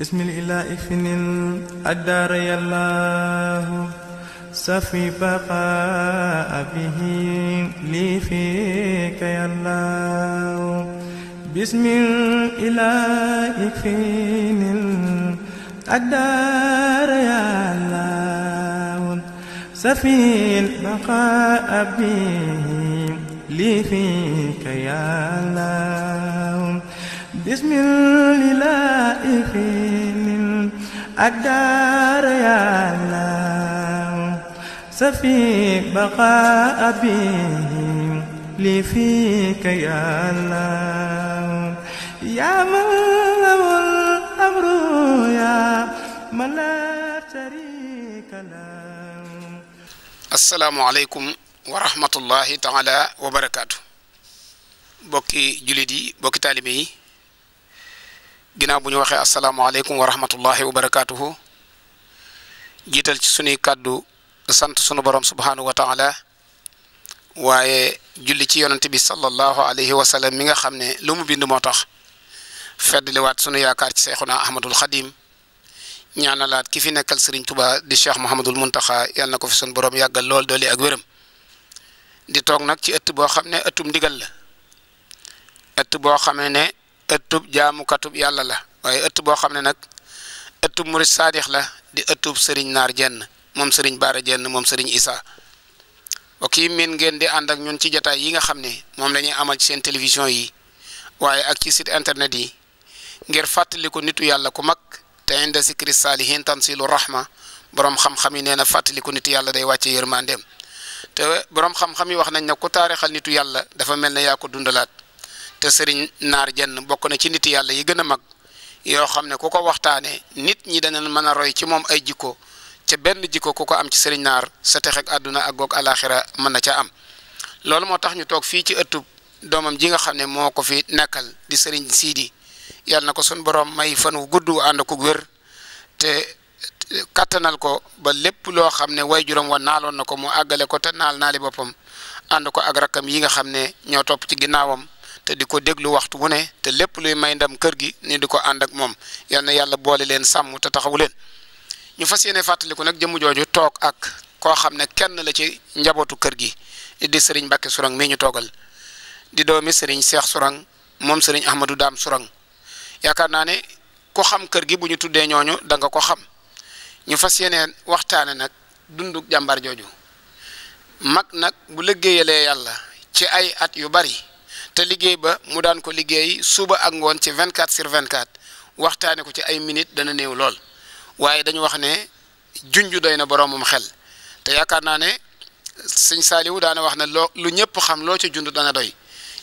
بسم الإله فن الأدار يا الله سفي بقاء به لي فيك يا الله بسم الإله فن الأدار يا الله سفي البقاء به لي فيك يا الله bismillahi finin الدار يا الله سفي بقاء بهم لي فيك يا الله يا من له الأمر يا من لا شريك له السلام عليكم ورحمة الله تعالى وبركاته bokki jullit yi bokki taalibe yi ginnaaw bu ñu waxee asalaamaaleykum wa rahmatullahi wa barakaatuhu jiital ci sunuy kàddu sant sunu borom subhaanahu wa taala waaye julli ci yonent bi sallallahu alayhi wa sallam mi nga xam ne lu mu bind moo tax feddliwaat sunu yaakaar ci Seexuna Ahmadul Xadim ñaanalaat ki fi nekkal Sëriñ Tuba di Cheikh Mouhamadul Muntaxa yàlla na ko fi sunu borom yàggal lool doole ak wéram di toog nag ci ëtt boo xam ne ëttum ndigal la ëtt boo xamee ne ëttub jaamukatub yàlla la waaye ëtt boo xam ne nag ëttub murid saadix la di ëttub sëriñ naar jenn moom sëriñ baara jenn moom sëriñ isaa mbokk yi miin ngeen di ànd ak ñun ci jataay yi nga xam ne moom lañuy amal ci seen télévision yi waaye ak ci site internet yi ngir fàttali ko nitu yàlla ku mag te inda sikri saalihin tansilu rahma borom xam-xam yi nee na fàttali ko nitu yàlla day wàcce yërmandeem te borom xam-xam wax nañ ne ku taarixal nitu yàlla dafa mel ne yaa ko dundalaat te sëriñ naar jenn bokk na ci nit yàlla yi gën a mag yoo xam ne ku ko waxtaanee nit ñi danañ mën a roy ci moom ay jikko ca benn jikko ku ko am ci sëriñ naar sa tex ak àdduna ak goog alaxira mën na ca am loolu moo tax ñu toog fii ci ëttub doomam ji nga xam ne moo ko fi nekkal di sëriñ siidi yàlla na ko sun borom may fan wu gudd ànd ku wér te kattanal ko ba lépp loo xam ne way juróom wa naaloon na ko mu àggale ko te naal naali boppam ànd ko ak rakkam yi nga xam ne ñoo topp ci ginnaawam te di ko déglu waxtu wu ne te lépp luy may ndam kër gi ni di ko ànd ak moom yal na yàlla boole leen sàmm te taxawu leen ñu fas yéene fàttaliku nag jëmm jooju toog ak koo xam ne kenn la ci njabootu kër gi di sëriñ Mbàkke Sourang mii ñu toogal di doomi sëriñ Seex Sourang moom sëriñ Ahmadou Daam Sourang yaakaar naa ne ko xam kër gi bu ñu tuddee ñooñu danga ko xam ñu fas yéene waxtaane nag dundu jàmbaar jooju mag nag bu liggéeyalee yàlla ci ay at yu bari te liggéey ba mu daan ko liggéey suba ak ngoon ci vingt 24 sur 24 waxtaane ko ci ay minutes dana néew lool waaye dañu wax ne junju doy na boroomam xel te yaakaar naa ne sëñ Saaliwu daana wax na loo lu ñëpp xam loo ci jund dana doy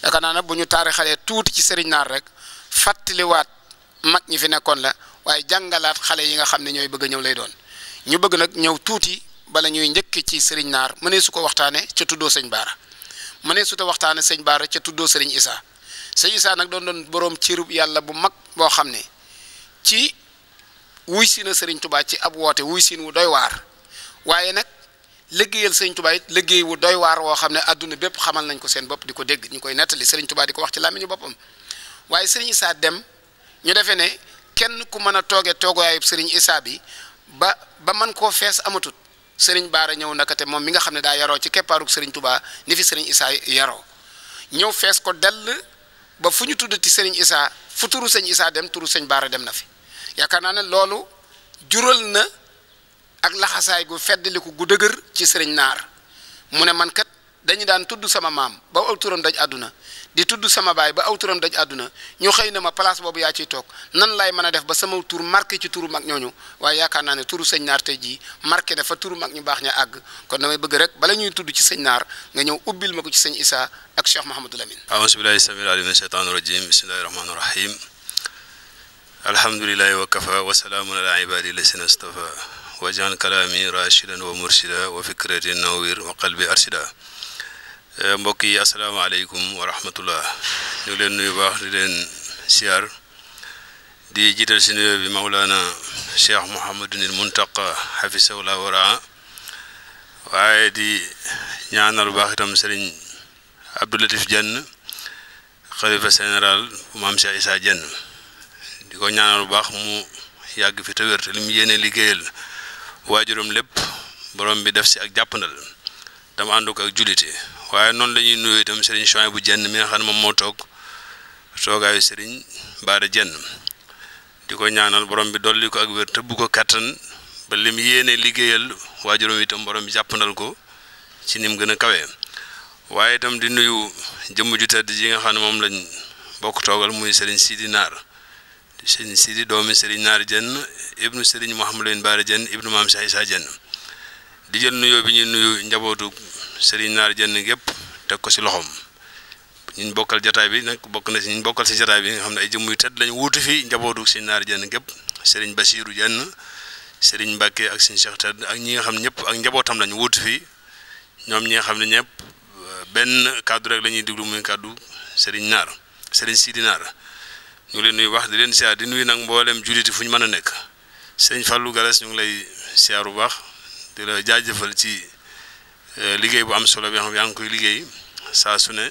yaakaar naa ne bu ñu taarixalee tuuti ci sëriñ naar rek fàttaliwaat mag ñi fi nekkoon la waaye jàngalaat xale yi nga xam ne ñooy bëgg a ñëw lay doon ñu bëgg nag ñëw tuuti bala ñuy njëkk ci sëriñ naar mënee su ko waxtaane ca tuddoo sëñ Baara ma ne suta waxtaane sëñ Baara ca tuddoo sëriñ Isaa sëñ Isaa nag doon doon boroom ciirub yàlla bu mag boo xam ne ci wuy si na sëriñ tubaa ci ab woote wuy siin wu doy waar waaye nag léggéeyal sëriñ tubaa it liggéey wu doy waar woo xam ne àdduna bépp xamal nañ ko seen bopp di ko dégg ñu koy nettali sëriñ tubaa di ko wax ci làmmiñu boppam waaye sëriñ Isaa dem ñu defee ne kenn ku mën a tooge toogaayub sëriñ Isaa bi ba ba mën koo fees amatut sëriñ Baara ñëw naka te moom mi nga xam ne daa yaroo ci keppaaruk sëriñ tubaa ni fi sëriñ Isaa yaroo ñëw fees ko dell ba fu ñu tuddati sëriñ Isaa fu turu sëñ Isaa dem turu sëñ Baara dem na fi yaakaar naa ne loolu jural na ak laxasaay gu ko gu dëgër ci sëriñ Naar mu ne man kat dañu daan tudd sama maam ba aw turam daj àdduna di tudd sama baay ba aw turam daj àdduna ñu xëy na ma place boobu yaa ciy toog nan laay mën a def ba sama tur marqué ci turu mag ñooñu waaye yaakaar naa ne turu sëñ naar tey jii marqué na fa turu mag ñu baax ña àgg kon damay bëgg rek bala ñuy tudd ci sëñ naar nga ñëw ubbil ma ko ci sëñ isa ak Cheikh Mahamadou Lamine aouzu billahi samil alim min sheytaan rajim bismillahi rahmani rahim alhamdulilahi wa kafa wa salaamun ala ibadi lasina stafa wa jaan kalaami rashidan wa mursida wa fikratin nawir wa qalbi arshida Eh, mbokk yi asalaamaaleykum wa rahmatullah ñu leen nuyu baax di leen siyaar di jiital si nuyoo bi Maulana Cheikh Mouhamadunil Muntaqa xafisahullah waraa waaye di ñaanal baax itam sëriñ Abdoulatif Diène xalifa général bu maam Cheikh Issa Diène di ko ñaanal baax mu yàgg fi te wér te li yéene liggéeyal waajuram lépp borom bi def si ak jàppandal dama ànd ak jullite waaye noonu la ñuy nuyoo itam sëriñ Chouin bu jenn mi nga xam ne moom moo toog toogaayu sëriñ Baara jën di ko ñaanal borom bi dolli ko ak wér tëbb ko kattan ba lim yéene liggéeyal waajuram itam borom bi jàppandal ko ci nim gën a kawee waaye itam di nuyu jëmm ju tedd ji nga xam ne moom lañ bokk toogal muy sëriñ Sidi Naar sëriñ Sidi doomi sëriñ Naar jenn ibnu sëriñ Mouhamadou Lamine Baara jenn ibnu maam sa Issa jenn di jël nuyoo bi ñuy nuyu njabootu sëriñ naar jënn gépp teg ko si loxoom ñu bokkal jataay bi nag bokk na si ñun si jataay bi nga xam ne ay jëmm tedd lañu wuutu fi njabootu si naar jenn gépp sëriñ basiiru jënn sëriñ mbàkke ak sëriñ seex ak ñi nga xam ñëpp ak njabootam lañu wuutu fi ñoom ñi nga xam ne ñëpp euh, benn kàddu rek la diglu muy kàddu sëriñ naar sëriñ siidi naar ñu leen nuy wax di leen siyaar di nuyu nag mbooleem juliti fu ñu mën a nekk sëriñ falu galas ñu ngi lay siyaar bu baax di la jaajëfal ci Euh, liggéey bu am solo bi nga xam yaa ngi koy liggéey saa su ne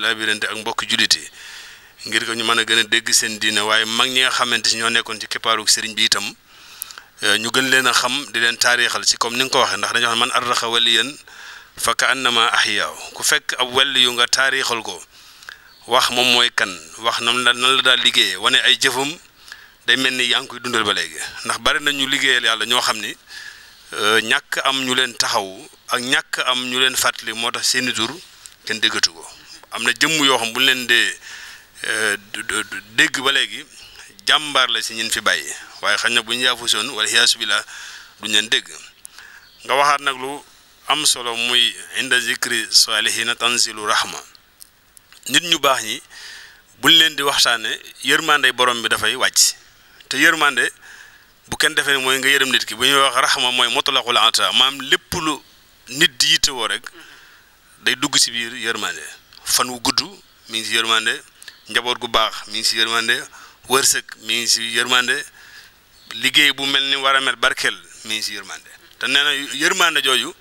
laa labirante ak mbokk jullit ngir ko ñu mën a gën a dégg seen diine waaye mag ñi nga xamante ñoo nekkoon ci keppaaru sëriñ bi itam euh, ñu gën leen a xam di leen taarixal si comme ni nga ko waxee ndax dañoo xam man arraxa fa ka annama ahyaaw ku fekk ab wali nga taarixal ko wax moom mooy kan wax nam la nan la daal liggéeyee wane ay jëfam day mel ni yaa ngi dundal ba léegi ndax bari na ñu liggéeyal yàlla ñoo xam ni euh, ñàkk am ñu leen taxaw ak ñàkk am ñu leen fàttali moo tax seeni tur kenn déggatu ko am na jëmm yoo xam bu ñu leen dee euh, dégg ba léegi jàmbaar la si ñun fi bàyyi waaye xañ na bu ñu yaafusoon wala yaasu bi la leen dégg nga waxaat nag lu am solo muy inda zikri salihina lu rahma nit ñu baax ñi ñu leen di waxtaane yërmande borom bi dafay wàcc te yërmande bu kenn defee mooy nga yërëm nit ki bu ñuy wax rahma mooy motalaqul ata maam lépp lu nit di yittewoo rek day dugg si biir yërmande fan wu gudd mi ngi si yërmande njaboot gu baax mi ngi si yërmande wërsëg mi ngi si yërmande liggéey bu mel ni war a mel barkeel mi ngi si yërmande te nee na yërmande jooju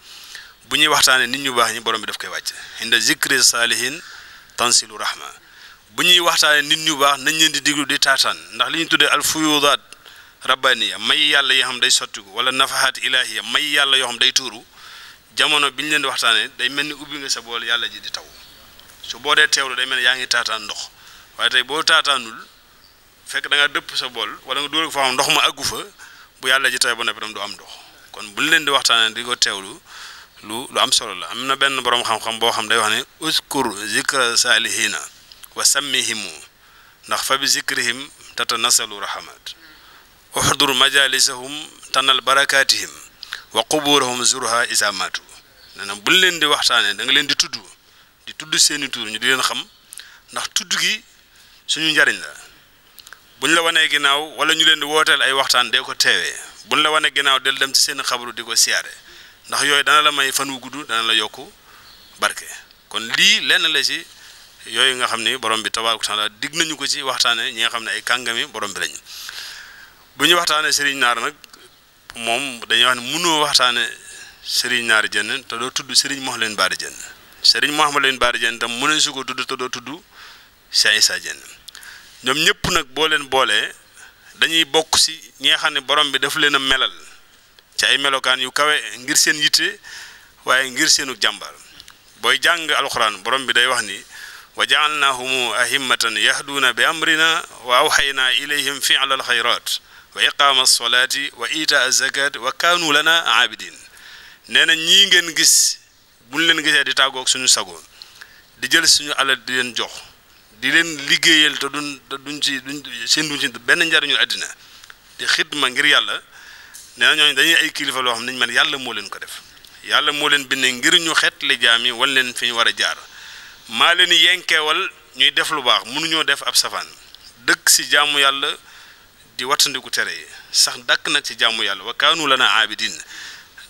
bu ñuy waxtaanee nit ñu baax ñi borom bi daf koy wàcce inda zikri saalihin tansilu rahma bu ñuy waxtaanee nit ñu baax nañ leen di diglu di taataan ndax li ñu tuddee al fuyudaat rabbaniya may yàlla yoo xam day sottiku wala nafahaat ilahiya may yàlla yoo xam day tuuru jamono bi ñu leen di waxtaanee day mel ni ubbi nga sa bool yàlla ji di taw su boo dee teew teewlu day mel ni yaa ngi taataan ndox waaye tey boo taataanul fekk danga dëpp sa bool wala nga dóor fa am ndox ma àggu fa bu yàlla ji tawee ba noppi du am ndox kon bu ñu leen di waxtaanee di ko teewlu lu lu am solo la am na benn borom xam-xam boo xam day wax ne uskur zikra salihina wa sammihimu ndax fa bi zikrihim tatanasalu rahamat uhdur majalisahum tanal barakatihim wa quburahum zurha isa matu nee na buñ leen di waxtaanee da nga leen di tudd di tudd seeni tuur ñu di leen xam ndax tudd gi suñu njariñ la buñ la wanee ginnaaw wala ñu leen di wooteel ay waxtaan dee ko teewee buñ la wanee ginnaaw del dem ci seen xabaru di ko siyaare ndax yooyu dana la may fan wu gudd dana la yokk barke kon lii lenn la ci yooyu nga xam ni borom bi tabaaraka taala dig nañu ko ci waxtaanee ñi nga xam ne ay kàngami borom bi lañu bu ñu Naar nag. moom dañuy wax ne mënoo waxtaane sëriñ ñaari jenn te doo tudd sëriñ Mouhamadou Bara Jenn sëriñ Mouhamadou Bara Jenn tam mënuñ su ko tudd te doo tudd Cheikh Issa Jenn ñoom ñëpp nag boo leen boolee dañuy bokk si ñi nga xam ne borom bi daf leen a melal ci ay melokaan yu kawe ngir seen yitte waaye ngir seenu jàmbaar booy jàng alxuraan borom bi day wax ni wa jaalnahum ahimmatan yahduuna bi amrina wa awxaynaa ilayhim fi'lal xayraat wa iqaama alsolaati wa ita azakat wa kaanu lana aabidin nee na ñii ngeen gis buñ leen gisee di tàggoog suñu sago di jël suñu alal di leen jox di leen liggéeyal te duñ te duñ ci duñ seen duñ ci benn njariñul àddina di ma ngir yàlla nee na ñooñu dañuy ay kilifa loo xam ne man yàlla moo leen ko def yàlla moo leen bind ngir ñu xet li jaam yi wan leen fi ñu war a jaar maa leen yenkeewal ñuy def lu baax mënuñoo def ab safaan dëkk si jaamu yàlla di wattandiku tere yi sax dàkk nag ci jaamu yàlla wa kaanu lana aabidin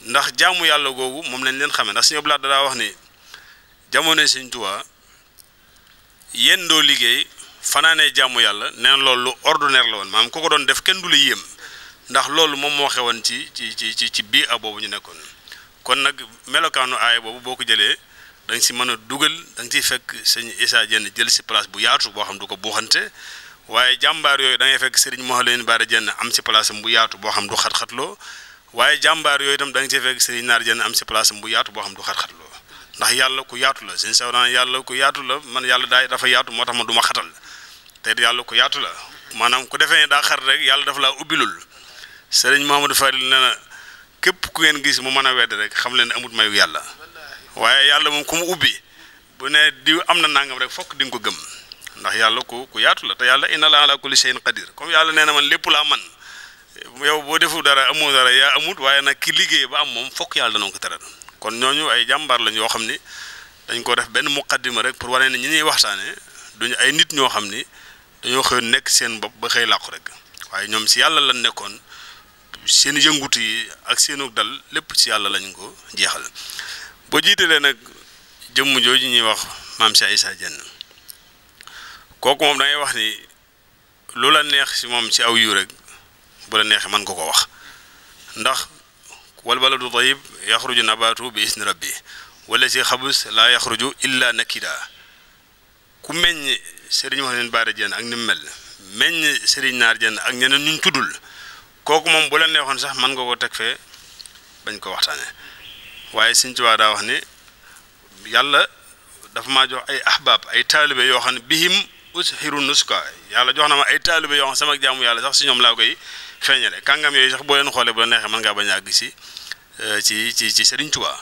ndax jaamu yàlla googu moom lañ leen xamee ndax suñu blaat daa wax ni jamono Sëñ Tuubaa yéen doo liggéey fanaanee jàmm yàlla neen loolu lu ordinaire la woon maanaam ku ko doon def kenn du la yéem ndax loolu moom moo xewoon ci ci ci ci bii a boobu ñu nekkoon kon nag melokaanu aaya boobu boo ko jëlee da nga si mën a dugal da nga ciy fekk sëñ Issa Diène jël si place bu yaatu boo xam du ko buuxante waaye jàmbaar yooyu da ngay fekk sëriñ Mouhalim Bara Diène am si place am bu yaatu boo xam du xat-xatloo waaye jàmbaar yooyu itam da nga Naar Diène am si place am yaatu boo xam ndax yàlla ku yaatu la sëñ Sawran yàlla man yàlla daay dafa yaatu moo tax man du ma yàlla ku yaatu la maanaam ku defee ne daa xat rek yàlla dafa laa ubbilul sëriñ Mouhamadou Fadil nee na képp ku ngeen gis mu man a wedd rek xam leen amut mayu yàlla waaye yàlla moom ku mu ubbi bu ne diw am na nangam rek fokk di nga ko gëm ndax yàlla ko ku yaatu la te yàlla inna laa ala kulli shay'in qadir comme yàlla nee na man lépp laa man yow boo defu dara amoo dara yaa amut waaye nag ki liggéey ba am moom fokk yàlla dana ko teral kon ñooñu ay jàmbaar lañ yoo xam ni dañ ko def benn muqaddima rek pour wane ne ñi ñuy waxtaane duñu ay nit ñoo xam ni dañoo xëy nekk seen bopp ba xëy làqu rek waaye ñoom si yàlla lañ nekkoon seen yëngutu yi ak seenu dal lépp si yàlla lañ ko jeexal boo jiitalee nag jëmm jooju ñuy wax maam Cheikh Issa kooku moom dangay wax ni lu la neex si moom ci aw yu rek bu la neexee mën ko ko wax ndax wal baladu tayib na nabaatu bi isni rabbi wala si xabus laa yaxruju illa nakida ku meñ sëriñ wax leen baara jeen ak ni mu mel meññ sëriñ naar jeen ak ñeneen ñu tuddul kooku moom bu la neexoon sax mën nga ko teg fee bañ ko waxtaane waaye Sëriñ Tuubaa daa wax ni yàlla dafa maa jox ay ahbaab ay taalibe yoo bihim ushiru nuska yàlla jox na ma ay taalibe yoo xam sama jaamu yàlla sax si ñoom laa koy feeñale kàngam yooyu sax boo leen xoolee bu la neexee mën ngaa bañ a àgg si euh, ci ci ci Serigne Touba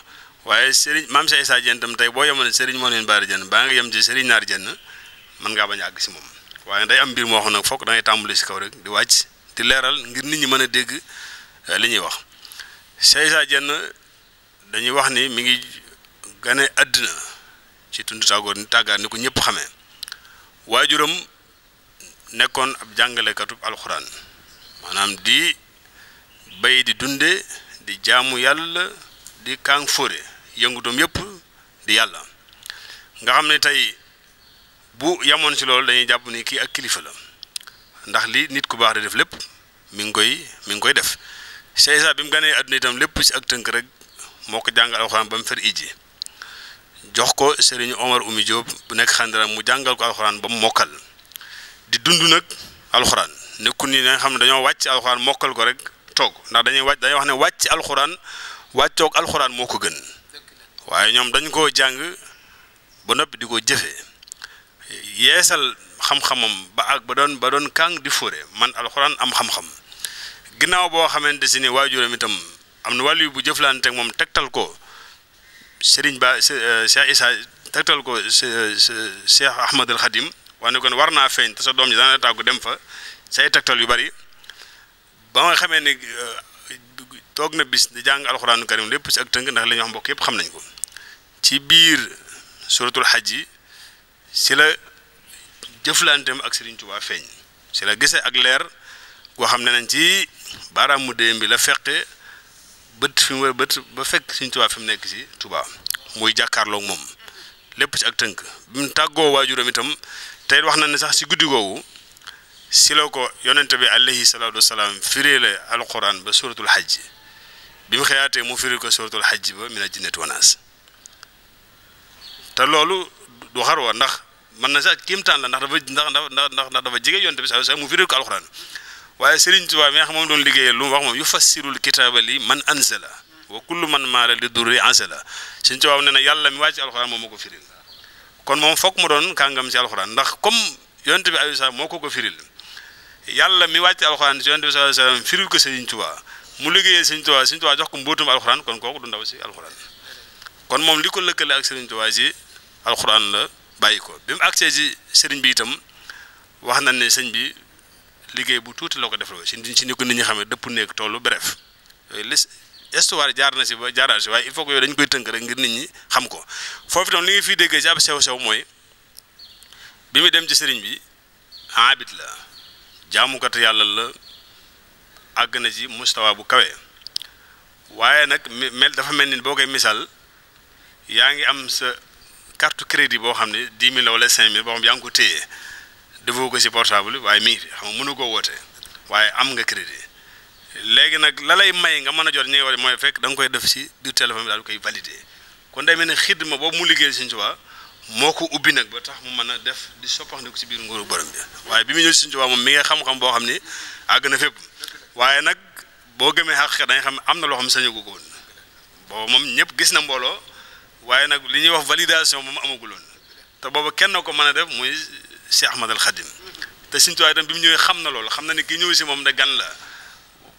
waaye maam Cheikh Issa Diène tam tey boo yemoon Serigne moo leen baari jën baa nga yem ci Serigne naar jën mën ngaa si moom waaye day am mbir moo xam nag foog da ngay tàmbali si kaw rek di wàcc di leeral ngir nit ñi mën a dégg euh, li ñuy wax Cheikh Issa Diène dañuy wax ni mi ngi gane àddina ci tund tàggoor ni tàggaat ni ko ñëpp xamee waajuram nekkoon ab jàngalekatub alxuraan maanaam di bay di dunde di jaamu yàlla di kaang fóore yëngutoom yëpp di yàlla nga xam ne tey bu yamoon ci loolu dañuy jàpp ni kii ak kilifa la ndax li nit ku baax di def lépp mi ngi koy mi ngi koy def Cheikh bi mu ganee àdduna itam lépp si ak tënk rek moo ko jàngal alxuraan ba mu fer iji jox ko Serigne Omar Oumy Diop bu nekk xandira mu jàngal ko alxuraan ba mu mokkal di dund nag alxuraan nekkul nii nga xam ne dañoo wàcc alxuraan mokkal ko rek toog ndax dañuy wàcc dañuy wax ne wàcc alxuraan wàccoog alxuraan moo ko gën waaye ñoom dañ koo jàng ba noppi di ko jëfee yeesal xam-xamam ba ak ba doon ba di fóore man alxuraan am xam-xam ginnaaw boo xamante si ni waajuram itam am na wàllu bu jëflante ak moom tegtal ko. Serigne Ba euh, Cheikh Issa tegtal ko Cheikh Ahmadul Khadim wax ne kon war naa feeñ te sa doom ji daana tàggu dem fa say tegtal yu bari ba nga xamee ne euh, toog na bis di jàng alxuraanu karim lépp si ak tënk ndax li ñu wax mbokk yëpp xam nañ ko ci biir suratul xaj yi si la jëflanteem ak Serigne Touba feeñ si la gisee ak leer goo xam ne nañ ci baaraamu déem bi la feqe bët fi mu war a bët ba fekk Sëñ Tuubaa fi mu nekk ci Tuubaa muy jàkkaarloog moom lépp ci ak tënk bi mu tàggoo waajuram itam tey wax na ne sax ci guddi si la ko yonente bi alayhi salaatu wasalaam firee la alquran ba suratul xajj bi mu xëyaatee mu firi ko suratul xajj ba mina jinnati wanaas te loolu du xarwa ndax man na sax kéemtaan la ndax dafa ndax ndax ndax dafa jege yonente bi sax mu firi ko alquran waaye Serigne Touba mi nga xam moom doon liggéeyal lu mu wax moom yufassirul kitaaba li man anzala wa kullu man maara li durri anzala Serigne Touba nee na yàlla mi wàcc alxuraan moom moo ko firil kon moom foog mu doon kàngam ci alxuraan ndax comme yonent bi alayhi salaam moo ko ko firil yàlla mi wàcc alxuraan ci yonent bi alayhi salaam firil ko Serigne Touba mu liggéeyee Serigne Touba Serigne Touba jox ko mbóotum alxuraan kon ko du ndaw si alxuraan kon moom li ko lëkkale ak Serigne Touba ci alxuraan la bàyyi ko bi ak agsee sëriñ bi itam wax nañ ne sëñ bi liggéey bu tuuti la ko def si si ni ko nit ñi xamee dëpp néeg toolu bref yooyu les histoire jaar na si ba jaaraat si waaye il faut que yooyu dañ koy tënk rek ngir nit ñi xam ko foofu itam li nga fiy déggee si ab sew-sew mooy bi muy dem ci sëriñ bi abit la jaamukat yàlla la àgg na ci mustawa bu kawe waaye nag mel dafa mel ni boo koy misaal yaa ngi am sa carte crédit boo xam ne dix mille wala cinq mille boo xam yaa ngi ko téye defoo ko si portable waaye mi xam nga mënu koo woote waaye am nga crédit léegi nag la lay may nga mën a jot ñi nga mooy fekk da nga koy def si biir téléphone bi koy validé kon day mel ne xidma boobu mu liggéey Sëñ Tuubaa moo ko ubbi nag ba tax mu mën a def di soppandiku si biir nguuru borom bi waaye bi mu ñëw si Sëñ Tuubaa moom mi nga xam-xam boo xam ni àgg na fépp waaye nag boo gëmee xaq dañ xam am na loo xam sañagu ko woon boobu moom ñëpp gis na mbooloo waaye nag li ñuy wax validation moom amaguloon te boobu kenn ko mën a def muy si Ahmad al Khadim te Sëñ Tuubaa itam bi mu ñëwee xam na loolu xam na ne ki ñëw si moom de gan la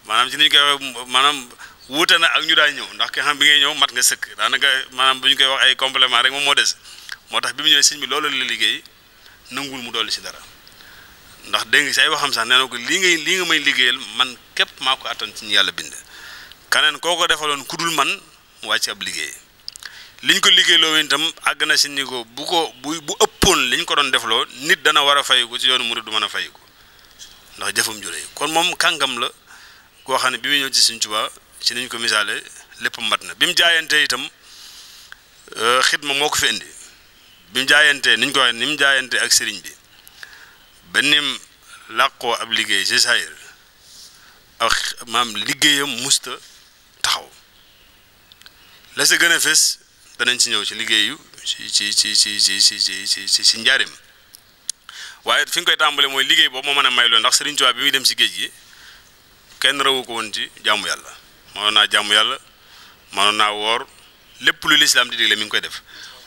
maanaam ci ni ñu koy wax maanaam wuute na ak ñu daay ñëw ndax ki xam bi ngay ñëw mat nga sëkk daanaka maanaam bu ñu koy wax ay complément rek moom moo des moo tax bi mu ñëwee sëñ bi loolu la liggéey nanguwul mu dolli si dara ndax dégg nga si ay waxam sax nee ko lii ngay lii nga may liggéeyal man képp maa ko attan ci ñu yàlla bind. kaneen koo ko defaloon ku dul man mu wàcc liggéey. liñ ko liggéeyloo itam àgg na si niveau bu ko bu bu ëppoon liñ ko doon defloo nit dana war a fayiku ci yoonu murid du mën a fayiku ndax jëfam ju rëy kon moom kàngam la koo xam ne bi muy ci Sëriñ Tuubaa ci niñ ko misaale lépp mat na bi mu jaayantee itam euh, xidma moo ko fi indi bi mu jaayantee niñ ko waxee ni mu jaayantee ak sëriñ bi ba nim làqoo ab liggéey ci saayir maam liggéeyam musta taxaw la sa gën a fes danañ si ñëw si liggéeyu ci si si si ci ci ci ci ci waaye fi nga koy tàmbale mooy liggéey boobu moo mën a may loolu ndax Sëriñ Tuubaa bi muy dem ci géej gi kenn rawu ko woon ci jàmmu yàlla mënoon naa jàmmu yàlla mënoon naa woor lépp lu lislaam di digle mi ngi koy def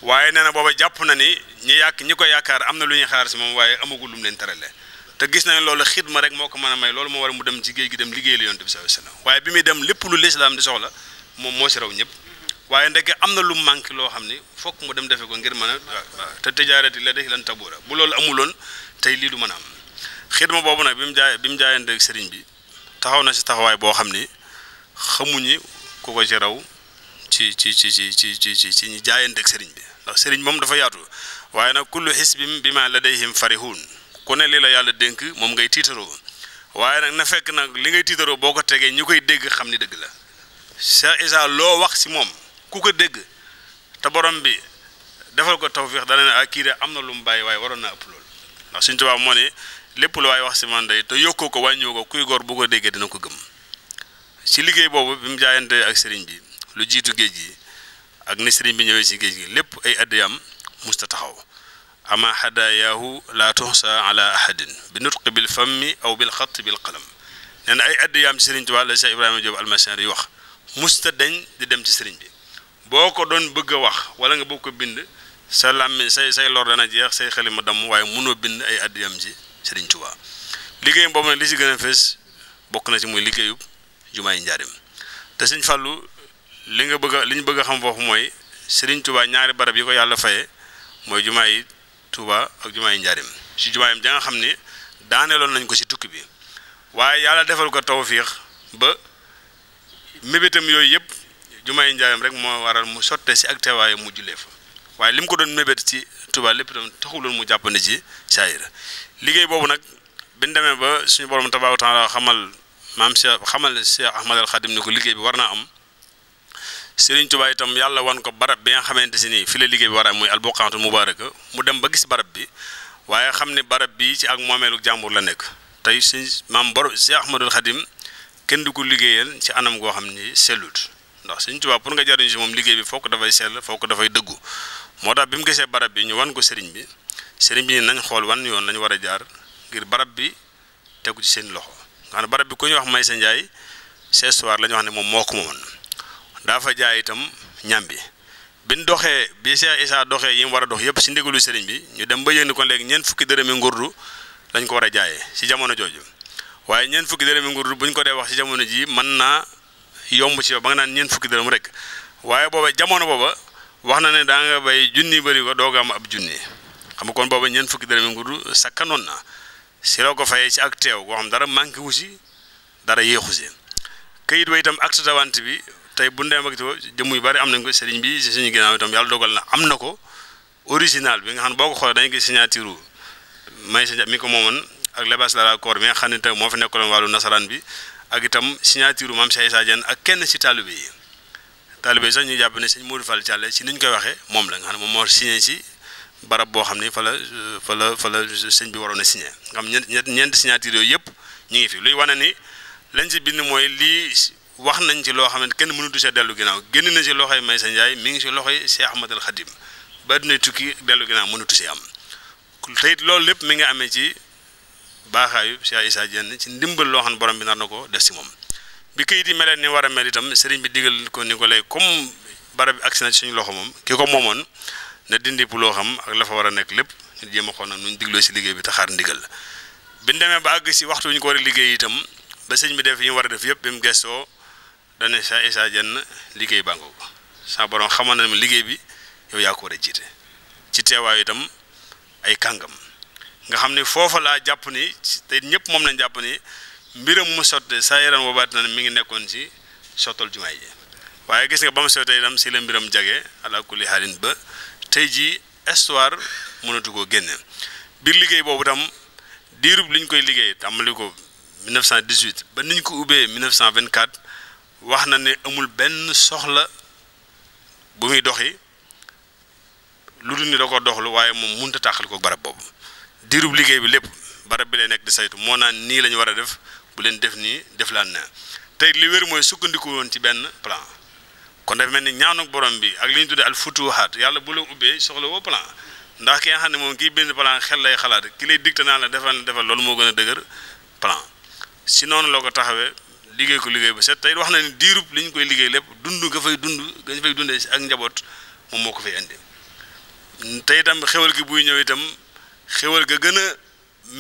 na booba jàpp na ni ñi yàq ko yaakaar am na lu ñuy xaar ci moom waaye amagul lu mu leen terale te gis nañ loolu xidma rek moo ko mën a may loolu moo war mu dem ci géej gi dem liggéey la yonent bi sallallahu alayhi wasallam waaye bi muy dem lépp lu lislaam soxla moom moo ci raw ñëpp waaye ndeke am na lu manqué loo xam ni fokk mu dem defe ko ngir mën a te tijaarati la de lan tabuura bu loolu amuloon tey lii lu mën a am xidma boobu nag bi mu jaay bi mu jaayante sëriñ bi taxaw na si taxawaay boo xam ni xamuñu ku ko ci ci ci ci ci ci ci ci ci ñi sëriñ bi ndax sëriñ moom dafa yaatu waaye nag kullu xisbim bi ma la ladayhim farihun ku ne lii la yàlla dénk moom ngay tiitaroo waaye nag na fekk nag li ngay tiitaroo boo ko tegee ñu koy dégg xam ni dëgg la sa Isa loo wax si moom ku ko dégg te bi defal ko tawfiix dana ne ak kii de am na lu mu bàyyi waaye waroon na ëpp lool ndax suñ tubaab moo ne lépp lu waaye wax si man te yokkoo ko wàññiwoo ko kuy góor bu ko déggee dina ko gëm si liggéey boobu bi mu jaayante ak sëriñ bi lu jiitu géej gi ak ni sëriñ bi ñëwee si géej gi lépp ay addiyam musta taxaw ama hadayaahu la tuhsa ala ahadin bi nutqi bil fammi aw bil xatt bil qalam nee ay addiyam si sëriñ Tuubaa la Cheikh Ibrahima Diop almasari yi wax musta dañ di dem ci sëriñ bi boo ko doon bëgg a wax wala nga bëgg ko bind sa làmmiñ say say lor dana jeex say xelima damm waaye mënoo bind ay addiyam ci Sëriñ Tuubaa liggéeyam boobu nag li si gën a fees bokk na si muy liggéeyub jumaay njaarim te Sëriñ Fallu li nga bëgg a li ñu bëgg a xam foofu mooy Sëriñ Tuubaa ñaari barab yi yàlla faye mooy jumaay Tuubaa ak jumaay njaarim si jumaayam ja xam ne daaneeloon nañ ko si tukki bi waaye yàlla defal ko tawfiix ba mébétam yooyu yëpp lu may njaayam rek moo waral mu sotte si ak teewaayu mu julee fa waaye li mu ko doon mébét ci Tuubaa lépp itam taxuloon mu jàppandi ci saayira liggéey boobu nag biñ demee ba suñu borom tabaaraka taala xamal maam Cheikh xamal Cheikh Ahmad al Xadim ni ko liggéey bi war naa am Serigne Touba itam yàlla wan ko barab bi nga xamante si nii fi la liggéey bi war a am muy alboqaantu mubaaraka mu dem ba gis barab bi waaye xam ne barab bi ci ak moomeelu jàmbur la nekk tey suñ maam borom Cheikh Ahmadul Xadim kenn du ko liggéeyal ci anam goo xam ni sellut ndax Sëriñ Tuubaa pour nga jariñu si moom liggéey bi fokk dafay sell fokk dafay dëggu moo tax bi mu gisee barab bi ñu wan ko sëriñ bi sëriñ bi nañ xool wan yoon lañu war a jaar ngir barab bi tegu ci seen loxo nga xam ne barab bi ku ñuy wax Maysa Njaay sestuwaar la ñu wax ne moom moo ko moomoon daa fa jaay itam ñam bi biñ doxee bi Cheikh Issa doxee yi mu war a dox yëpp si ndigalu sëriñ bi ñu dem ba yéen ko léegi ñeent fukki dërëmi ngurdu lañ ko war a jaayee si jamono jooju waaye ñeent fukki dërëmi ngurdu buñ ko dee wax si jamono ji mën naa yomb ci ba nga naan ñeent fukki dërëm rek waaye booba jamono booba wax na ne daa nga bay junni bëri ko doog am ab junni xam nga kon booba ñeent fukki dërëm yi ngudd sakkanoon na si la ko fayee ci ak teew goo xam dara manqué wu dara yéexu si kayit wa itam acte d'avance bi tey bu ndee mag jëmm yu bari am nañ ko sëriñ bi si suñu ginnaaw itam yàlla dogal na am na ko original bi nga xam ne boo ko xoolee dañu gis signature may sa mi ko moomoon ak lebas dara koor mi nga xam ne tey moo fa nekkoon wàllu nasaraan bi ak itam signature maam Cheikh Issa Diène ak kenn ci taalibe yi taalibe yi sax ñu jàpp ne sëñ Modou Fall Thialé ci ni ñu koy waxee moom la moom moo signé ci barab boo xam ni fa la fa la fa sëñ bi waroon a signé nga xam ñeent ñeent signature yooyu yëpp ñu ngi fi luy wane ni lañ ci bind mooy lii wax nañ ci loo xam kenn mënut a dellu ginnaaw génn na ci may Maysa Ndiaye mi ngi ci loxoy Cheikh Ahmadul Khadim ba adduna tukki dellu ginnaaw mënut a am te it loolu lépp mi ngi amee ci. baaxaayu Cheikh Issa Diène ci ndimbal loo xam ne borom bi nar na ko def si moom bi kayit yi meleen ni war a mel itam sëriñ bi digal ko ni ko lay comme barab bi agsi na suñu loxo moom ki ko moomoon na dindi loo xam ak la fa war a nekk lépp ñu jéem nu ñu digloo si liggéey bi te ndigal biñ demee ba si waxtu wu ñu ko war liggéey itam ba bi def yi war a def yëpp bi mu gestoo dane Cheikh Issa Diène liggéey baa ngoo ko sa borom xamal liggéey bi yow yaa ko war a jiite ci teewaayu itam ay kàngam nga xam ni foofa laa jàpp ni te ñëpp moom lañ jàpp ni mbiram mu sotti saa yaram woobaat na mi ngi nekkoon ci sottal jumaa ji waaye gis nga ba mu sottee itam si la mbiram jage ala kulli ba tey jii histoire mënatu koo génne biir liggéey boobu tam diirub li koy liggéey tàmbali ko 1918 ba niñ ko ubbee 1924 wax na ne amul benn soxla bu muy doxi lu dul ni da ko doxlu waaye moom mënut a tàqal ko barab boobu diirub liggéey bi lépp barab bi lay nekk di saytu moo naan nii la ñu war a def bu leen def nii def laan na tey li wér mooy sukkandiku woon ci benn plan kon dafa mel ni ñaanu borom bi ak li ñu tuddee al futuhaat yàlla bu la ubbee soxla woo plan ndax ki nga xam ne moom kii bind plan xel lay xalaat ki lay digte naa la defal defal loolu moo gën a dëgër plan si noonu la ko taxawee liggéey ko liggéey bu set tey wax na ni diirub koy liggéey lépp dund nga fay dund nga fay si ak njaboot moom moo ko fay indi tey itam xewal gi buy ñëw itam. xewal ga gën a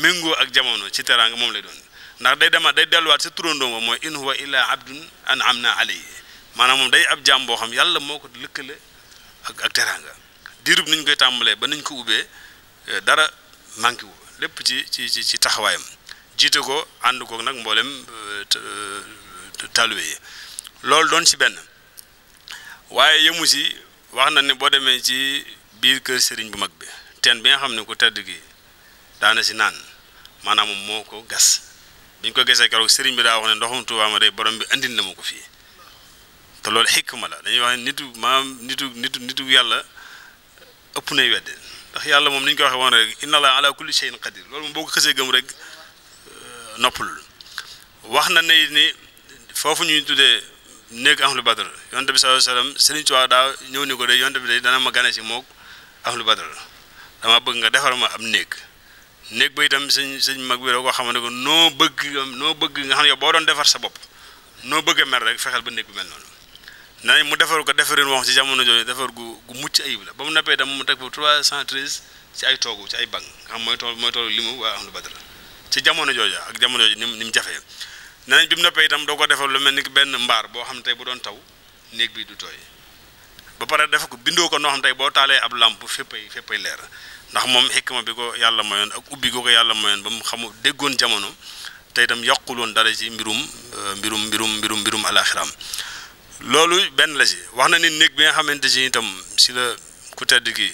méngoo ak jamono ci teraanga moom lay doon ndax day demaat day delluwaat sa turandoom mooy in huwa illa abdun an am na aliy maanaam moom day ab jàmboo xam yàlla moo ko lëkkale ak ak teraanga diirub niñ koy tàmbalee ba niñ ko ubbee eh, dara manqué wu lépp ci ci ci taxawaayam jiite ko ànd koog nag mboolem eh, eh, taalibe yi loolu doon ci benn waaye yëmu si wax na ne boo demee ci biir kër sëriñ bu mag bi teen bi nga xam ne ku tedd gi daana si naan maanaam moo ko gas biñ ko gesee keroog sëriñ bi daa wax ne ndoxum Tuubaa ma borom bi andil na ma ko fii te loolu xikk ma la dañuy wax ne nitu maanaam nitu nitu nitu yàlla ëpp nay wedde yàlla moom ni ñu ko waxee woon rek inna allah ala kulli shay'in qadir loolu moom boo ko xësee gëm rek euh, noppalul wax na ne ni foofu ñuy tuddee néeg ahlu badr yonte bi sallallahu alayhi wasallam sëriñ Tuubaa daa ñëw ni ko de yonte bi day dana ma gane si mook ahlu badr damaa bëgg nga defar ma am néeg néeg ba itam sëñ sëñ mag bi da ko ne ko noo bëgg noo bëgg nga xam ne yow boo doon defar sa bopp noo bëgg a mel rek fexeel ba néeg bi mel noonu nañ mu defar ko defarin wax ci jamono jooju defar gu gu mucc ayib la ba mu nappee itam mu teg fa 313 ci ay toogu ci ay bank nga xam tool mooy toolu limu waa ahlu ci jamono jooju ak jamono jooju ni ni mu jafee nañ bi mu nappee itam doo ko defar lu mel ni benn mbaar boo xam tey bu doon taw néeg bi du tooy ba pare def ko bindoo ko noo xam tey boo taalee ab làmp féppay féppay leer ndax moom xikma bi ko yàlla mayoon ak ubbi ko ko yàlla mayoon ba mu xamu déggoon jamono te itam yàquloon dara ci mbirum euh, mbirum mbirum mbirum mbirum alaxiraam loolu benn la ci wax na ni néeg bi nga xamante ci itam si la ku tedd gi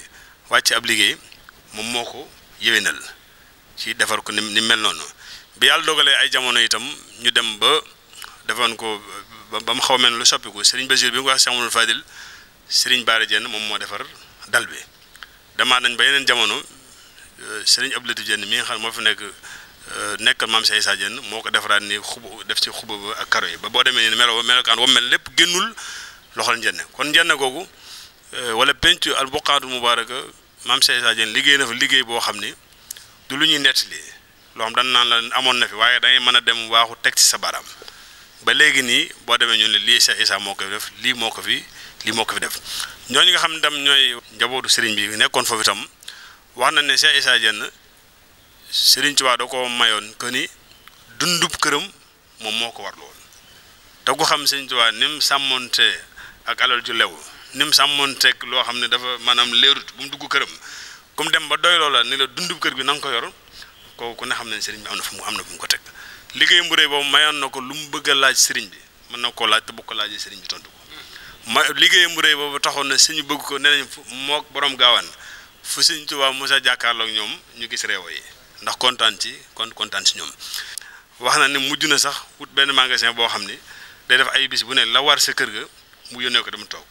ab liggéey moom moo ko yéwénal ci defar ko ni ni mel noonu bi yàlla dogalee ay jamono itam ñu dem ba defoon ko ba mu xaw mel lu soppiku Serigne Bachir bi nga ko wax Cheikh Amadou Fadil Serigne Bara moom moo defar dal bi demaat nañ ba yeneen jamono euh, sëriñ Abdou Latif Diène mi nga xam moo fi nekk euh, nekkal maam Cheikh Issa Diène moo ko defaraat ni xubu def ci xubu ba ak karo yi ba boo demee ni melo melokaan wam mel lépp génnul loxol njenne kon njenne googu euh, wala penc al buqaatul mubaaraka maam Cheikh Issa Diène liggéey na fa liggéey boo xam ni lu ñuy nettali loo xam dan naan la amoon na fi waaye dangay mën a dem waaxu teg ci sa baram ba léegi nii boo demee ñun ne lii Cheikh Issa moo ko fi def lii moo ko fi lii moo ko fi def ñooñu nga xam ne tam ñooy njabootu sëriñ bi nekkoon foofu itam wax na ne Cheikh Issa Diène sëriñ Tuubaa da ko mayoon que ni dundub këram moom moo ko warlu woon te ku xam sëriñ Tuubaa ni mu sàmmonte ak alal ju lew ni mu sàmmonteeg loo xam ne dafa maanaam leerut bu mu dugg këram comme dem ba doy loola ni la dundub kër bi na nga ko yor kooku ku ne xam ne sëriñ bi am na fu mu am na fu mu ko teg liggéey mburee boobu mayoon na ko lu mu bëgg laaj sëriñ bi mën na ko laaj te bu ko laajee sëriñ bi tontu. ma liggéeyam bu réy boobu taxoon na suñu bëgg ko nee fu mook boroom gaawaan fu sëñ Tuubaa Musaa jàkkaarlook ñoom ñu gis réew yi ndax kontaan ci kon kontaan ci ñoom wax na ne mujj na sax wut benn magasin boo xam ni day def ay bis bu ne la war sa kër ga mu yónnee ko dama toog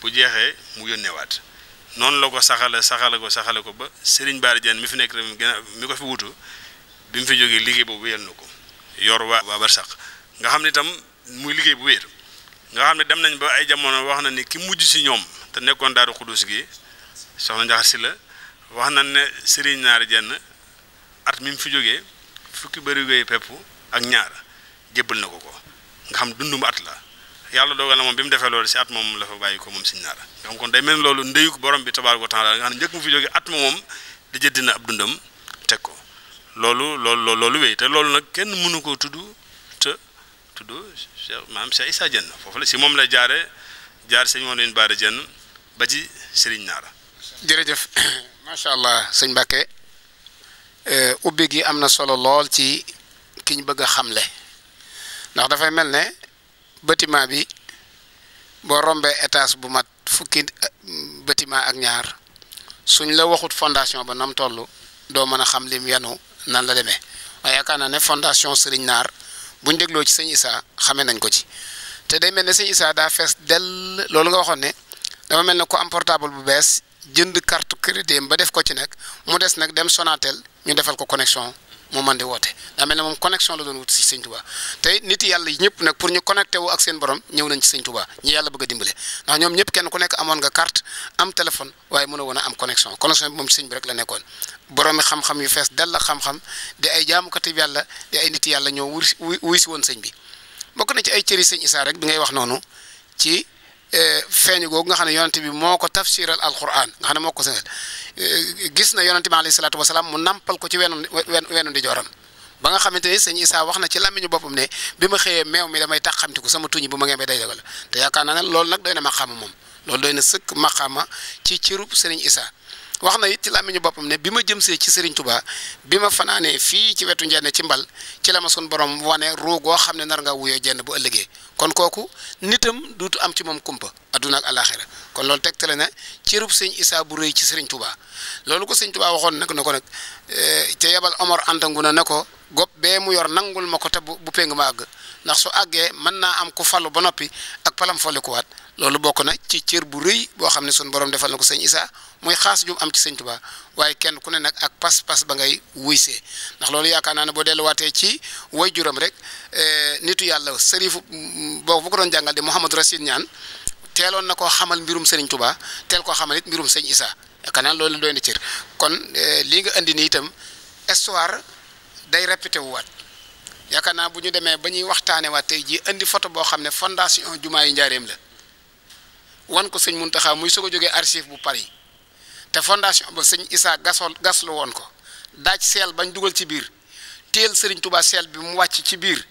bu jeexee mu yónneewaat noonu la ko saxale saxale ko saxale ko ba Serigne Bara Diène mi fi nekk rek mi ko fi wutu bi mu fi jógee liggéey boobu wéyal na ko yor waa waa nga xam ne itam muy liggéey bu wéer nga xam ne dem nañ ba ay jamono wax na ni ki mujj si ñoom te nekkoon daaru xudus gi soxna Njaxar si la wax na ne Serigne Naar jenn at mi mu fi jógee fukki bëri goy pepp ak ñaar jébbal na ko ko nga xam dundum at la yàlla dogal na moom bi mu defee loolu si at moom la fa bàyyi ko moom si Naar nga xam kon day mel loolu ndeyuk borom bi tabaaraka wa taala nga xam ne njëkk mu fi jógee at ma moom di jëddi na ab dundam teg ko loolu loolu loolu wéy te loolu nag kenn mënu ko tudd Cheikh maam Cheikh Issa Dieng foofu la si moom la jaare jaar sëñ moom leen baara Dieng ba ci Serigne Naara jërëjëf macha allah sëñ Mbàkke euh, ubbi gi am na solo lool ci ki ñu bëgg a xam le ndax dafay mel ne bâtiment bi boo rombee étage bu mat fukki euh, bâtiment ak ñaar suñ la waxut fondation ba nam toll doo mën a xam lim yanu nan la demee waaye yaakaar naa ne fondation Serigne Naar buñ dégloo ci sëñ Issa xamee nañ ko ci te day mel ne sëñ Issa daa fees dell loolu nga waxoon ne dama mel ne ku am bu bees jënd carte crédit ba def ko ci nekk mu des nag dem Sonatel ñu defal ko connexion mu man di woote daa mel ne moom connexion la doon wut si sëñ Tuubaa te nit yàlla yi ñëpp nag pour ñu connecté wu ak seen borom ñëw nañ ci sëñ Tuubaa ñi yàlla bëgg a dimbale ndax ñoom ñëpp kenn ku nekk amoon nga carte am téléphone waaye mënoo woon a am connexion connexion bi moom ci sëñ bi rek la nekkoon boroomi xam-xam yu fees dell xam-xam di ay jaamukati yàlla di ay nit yàlla ñoo wuy wuy si woon sëñ bi bokk na ci ay cëri sëñ Isaa rek bi ngay wax noonu ci feeñ googu nga xam ne yonent bi moo ko tafsiral alquran nga xam ne moo ko sëgal gis na yonent bi alayhi salaatu wasalaam mu nampal ko ci wenu wenu di jooram ba nga xamante ni sëñ Isaa wax na ci làmmiñu boppam ne bi ma xëyee meew mi damay tax xamti ko sama tuñ bu ma ngeen bay day dogal te yaakaar naa ne loolu nag doy na maqaama moom loolu doy na sëkk maqaama ci cirub sëriñ Isaa wax na it ci làmmiñu boppam ne bi ma jëmsee ci Serigne Touba bi ma fanaanee fii ci wetu njenn ci mbal ci la ma sun borom wane ruugoo xam ne nar nga wuyoo jenn bu ëllëgee kon kooku nitam duutu am ci moom kumpa adduna ak kon loolu teg tegtale na cërub sëñ Isaa bu rëy ci Serigne Touba loolu ko sëñ Touba waxoon nag na ko nag te eh, yebal Omar Anta Nguna na ko gopp bee mu yor nangul ma ko te bu bu péng ma àgg ndax su àggee mën naa am ku falu ba noppi ak palam folikuwaat loolu bokk na ci cër bu rëy boo xam ne suñu borom defal na ko sëñ Issa muy xaas jum am ci sëñ Tuubaa waaye kenn ku ne nag ak pas-pas ba ngay wuysee ndax loolu yaakaar naa ne boo delluwaatee ci way juram rek eh, nitu yàlla sërifu boo bu ko doon jàngal di Mouhamadou Racine Niane teeloon na koo xamal mbirum sëriñ Tuubaa teel koo xamal it mbirum sëñ Issa yaakaar naa loolu doy na cër kon eh, lii nga indi nii itam histoire day répété wuwaat. yaakaar naa bu ñu demee ba ñuy waxtaane waat tey jii indi photo boo xam ne fondation jumaa yi njaareem la wan ko sëñ Muntaxa muy soog ko jógee archive bu Paris te fondation ba sëñ Issa gasol gaslu woon ko daaj seel bañ dugal ci biir teel Serigne tubaa seel bi mu wàcc ci biir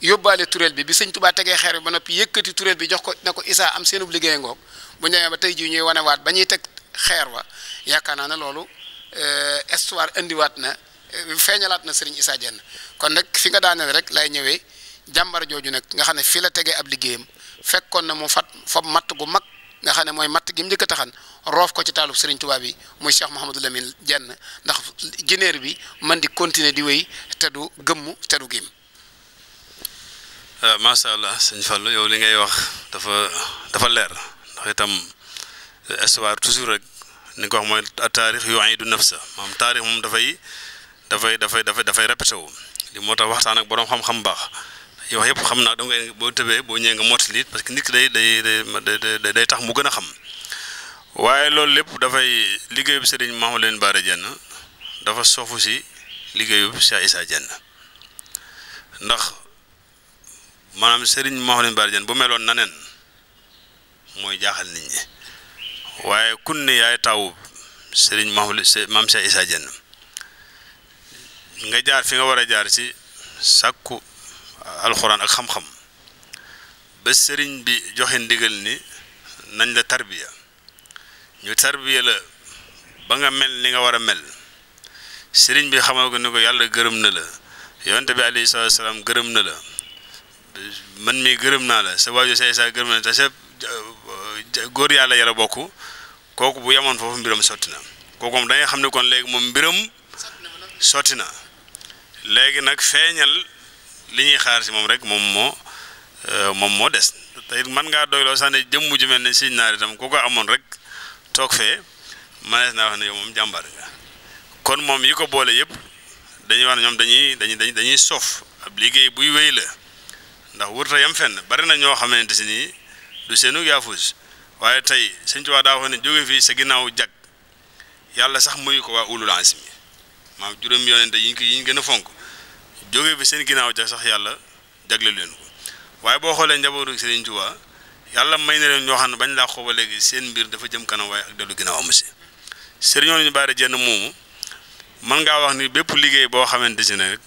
yóbbaale tureel bi bi sëñ Touba tegee xeer bi ba noppi yëkkati tureel bi jox ko ne ko Issa am seenub liggéey ngoog bu ñu demee ba tey jii ñuy wane waat ba ñuy teg xeer wa yaakaar naa ne loolu eh, histoire indiwaat na. feeñalaat na Serigne Issa Diène kon nag fi nga daaneel rek lay ñëwee jàmbar jooju nag nga xam ne fii la tegee ab liggéeyam fekkoon na mu fat fob matt gu mag nga xam ne mooy matt gi mu njëkk a ko ci taalub Serigne Touba bi muy Cheikh Mouhamadou Lamine Diène ndax jineer bi man di continuer di wéy te du gëmm te du gim. Euh, sëñ Fallou li ngay wax dafa dafa leer ndax itam histoire toujours rek ni ko wax mooy taarix yu ay du nafsa maam taarix moom dafay. dafay dafay dafay dafay répété wu li moo tax waxtaan ak borom xam-xam baax yow yëpp xam naa da nga boo tëbee boo ñëwee nga mottali parce que nit ki day day tax mu gën a xam waaye loolu lépp dafay liggéeyub Serigne Mouhamadou Lamine Bara Diène dafa sofu si liggéeyub Cheikh Issa ndax maanaam Serigne Mouhamadou Lamine Bara Diène bu meloon naneen mooy jaaxal nit ñi waaye kun ne yaay taw Serigne Mouhamadou maam Cheikh Issa nga jaar fi nga war a jaar ci sakku alxuraan ak xam-xam ba sëriñ bi joxe ndigal ni nañ la tarbiya ñu tarbiya la ba nga mel ni nga war a mel sëriñ bi xamal ko ni ko yàlla gërëm na la yoonte bi alayhi salaatu salaam gërëm na la man mi gërëm naa la sa waajur sa isa gërëm na te sa góor yàlla yàlla bokk kooku bu yemoon foofu mbiram sotti na kooku moom da xam ne kon léegi moom mbiram sotti na léegi nag feeñal li ñuy xaar si moom rek moom moo euh, moom moo des te man ngaa doyloo sax ne jëmm ju mel ne siñ naar itam koo ko amoon rek toog fee manees naa wax ne yow moom jàmbaar nga kon moom yi ko boole yëpp dañuy wax ne ñoom dañuy dañuy dañuy sof ab liggéey buy wéy la ndax wurta yam fenn bari na ñoo xamante si nii du seenu yaafus waaye tey sëñ Tuubaa daa wax ne jóge fii sa ginnaaw jag yàlla sax muy ko waa ulul azmi maam juróom yonente yi ñu yi ñu gën a fonk jóge bi seen ginnaaw ja sax yàlla jagle leen waaye boo xoolee njabootu Sëriñ Tuubaa yàlla may na leen ñoo xam ne bañ laa xoo léegi seen mbir dafa jëm kanam waaye ak dellu ginnaaw amu si ñu baara jenn moomu mën ngaa wax ni bépp liggéey boo xamante si ne rek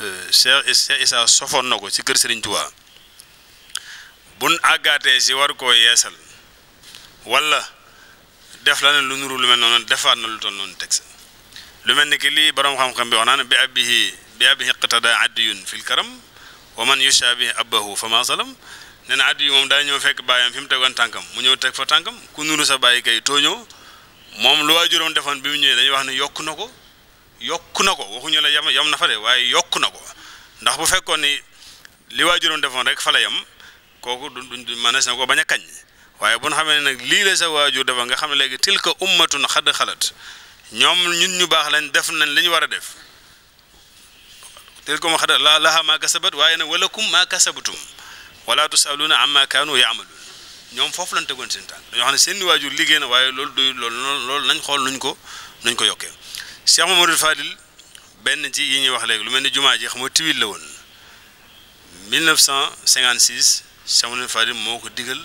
euh, Cheikh Cheikh Issa sofoon na ko ci kër Sëriñ Tuubaa buñ àggaatee si war koo yeesal wala def la ne lu nuru lu mel noonu defaat na lu toll noonu teg sa lu mel ni ki lii borom xam-xam bi wax naa bi abihi bi abihi iqtada addiyun fil karam wa man yushabihi abahu fa ma salam nee na addiyu moom daa ñëw fekk bàyyam fi mu tegoon tànkam mu ñëw teg fa tànkam ku nuru sa bàyyi kay tooñoo moom lu waajuróom defoon bi mu ñëwee dañuy wax ne yokku na ko yokk na ko waxuñu la yam yam na fa de waaye yokk na ko ndax bu fekkoon ni li waajuróom defoon rek fa la yam kooku duñ duñ mënees na ko bañ a kañ waaye bu ñu xamee nag lii la sa waajur defoon nga xam ne léegi tilka ummatun xad xalat ñoom ñun ñu baax lañ def nañ li ñu war a def tilkum xadar la laha maa kasabat waaye nag walakum maa kasabatum wala tusaluna amma kaanu yaamaluun ñoom foofu lañ tegoon seen tànk dañoo xam ne seen di waajur liggéey na waaye loolu doy loolu loolu nañ xool nuñ ko nuñ ko yokkee Cheikh Mamadou Fadil benn ci yi ñuy wax léegi lu mel ni jumaa ji xam nga tiwil la woon 1956 Cheikh Mamadou Fadil moo ko digal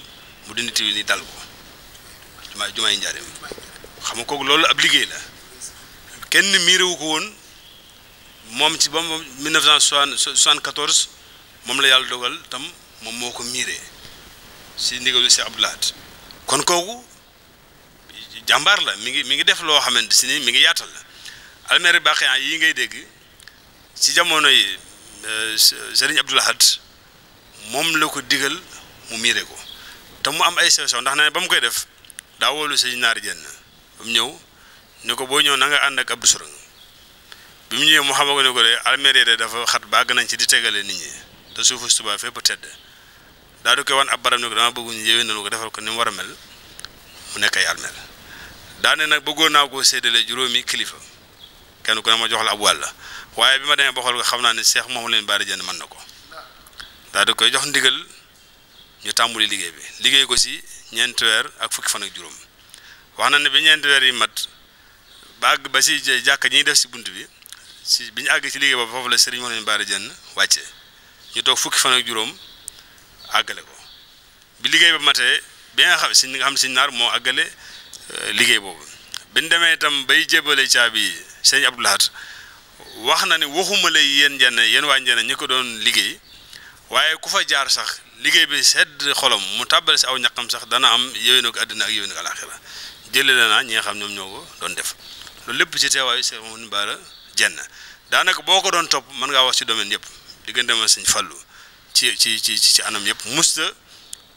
mu dindi tiwil yi dal ko jumaa jumaa yi njaareem xam nga loolu ab liggéey la kenn miirewu ko woon moom ci ba moom 1974 moom la yàlla dogal tam moom moo ko miire si ndigalu si Abdou kon kooku jàmbaar la mi ngi mi ngi def loo xamante si ni mi ngi yaatal la almeeri baaxiyan yi ngay dégg si jamono yi euh, Serigne Abdou moom la ko digal mu miire ko te mu am ay sew sew ndax na ne ba mu koy def daa wóolu naar naari jenn ba mu ñëw ni ko boo ñëw na nga ànd ak Abdou Sourang bi mu ñëwee mu xamal ko ne ko de almérie de dafa xat bàgg nañ ci di tegale nit ñi te suufu Tuubaa fépp tedd daa du koy wan ab baram ne ko dama ko defal ko ni war a mel mu nekk ay almel daane nag bëggoon naa koo séddale juróomi kilifa kenn ku ne jox la ab wàll waaye bi ma demee ba ko xam naa ne seex moom leen baari jënd mën na ko daa koy jox ndigal ñu tàmbuli liggéey bi liggéey ko si ñeenti weer ak fukki fan ak juróom wax na ne bi ñeenti weer yi mat ba àgg ba si jàkka ñiy def si bunt bi si bi ñu àgg si liggéey boobu foofu la Serigne Mawlana Bara Diène wàcce ñu toog fukki fan juróom àggale ko bi liggéey ba matee bi nga xam si nga xam si naar moo àggale euh, liggéey boobu bi ñu demee itam bay jébbale caabi Serigne Abdou Lahad wax na ne waxuma la yéen jenn yéen waa jenn ñi ko doon liggéey waaye ku fa jaar sax liggéey bi sedd xolom mu tàbbale si aw ñaqam sax dana am yéwén ak àddina ak yéwén ak alaxira jëlee la naa ñi nga xam ñoom ñoo ko doon def. loolu lépp ci teewaayu Cheikh Mouhamadou Bara Diène daanaka boo ko doon topp mën ngaa wax ci domaine yëpp diggante ma sëñ Fallu ci ci ci ci anam yëpp musta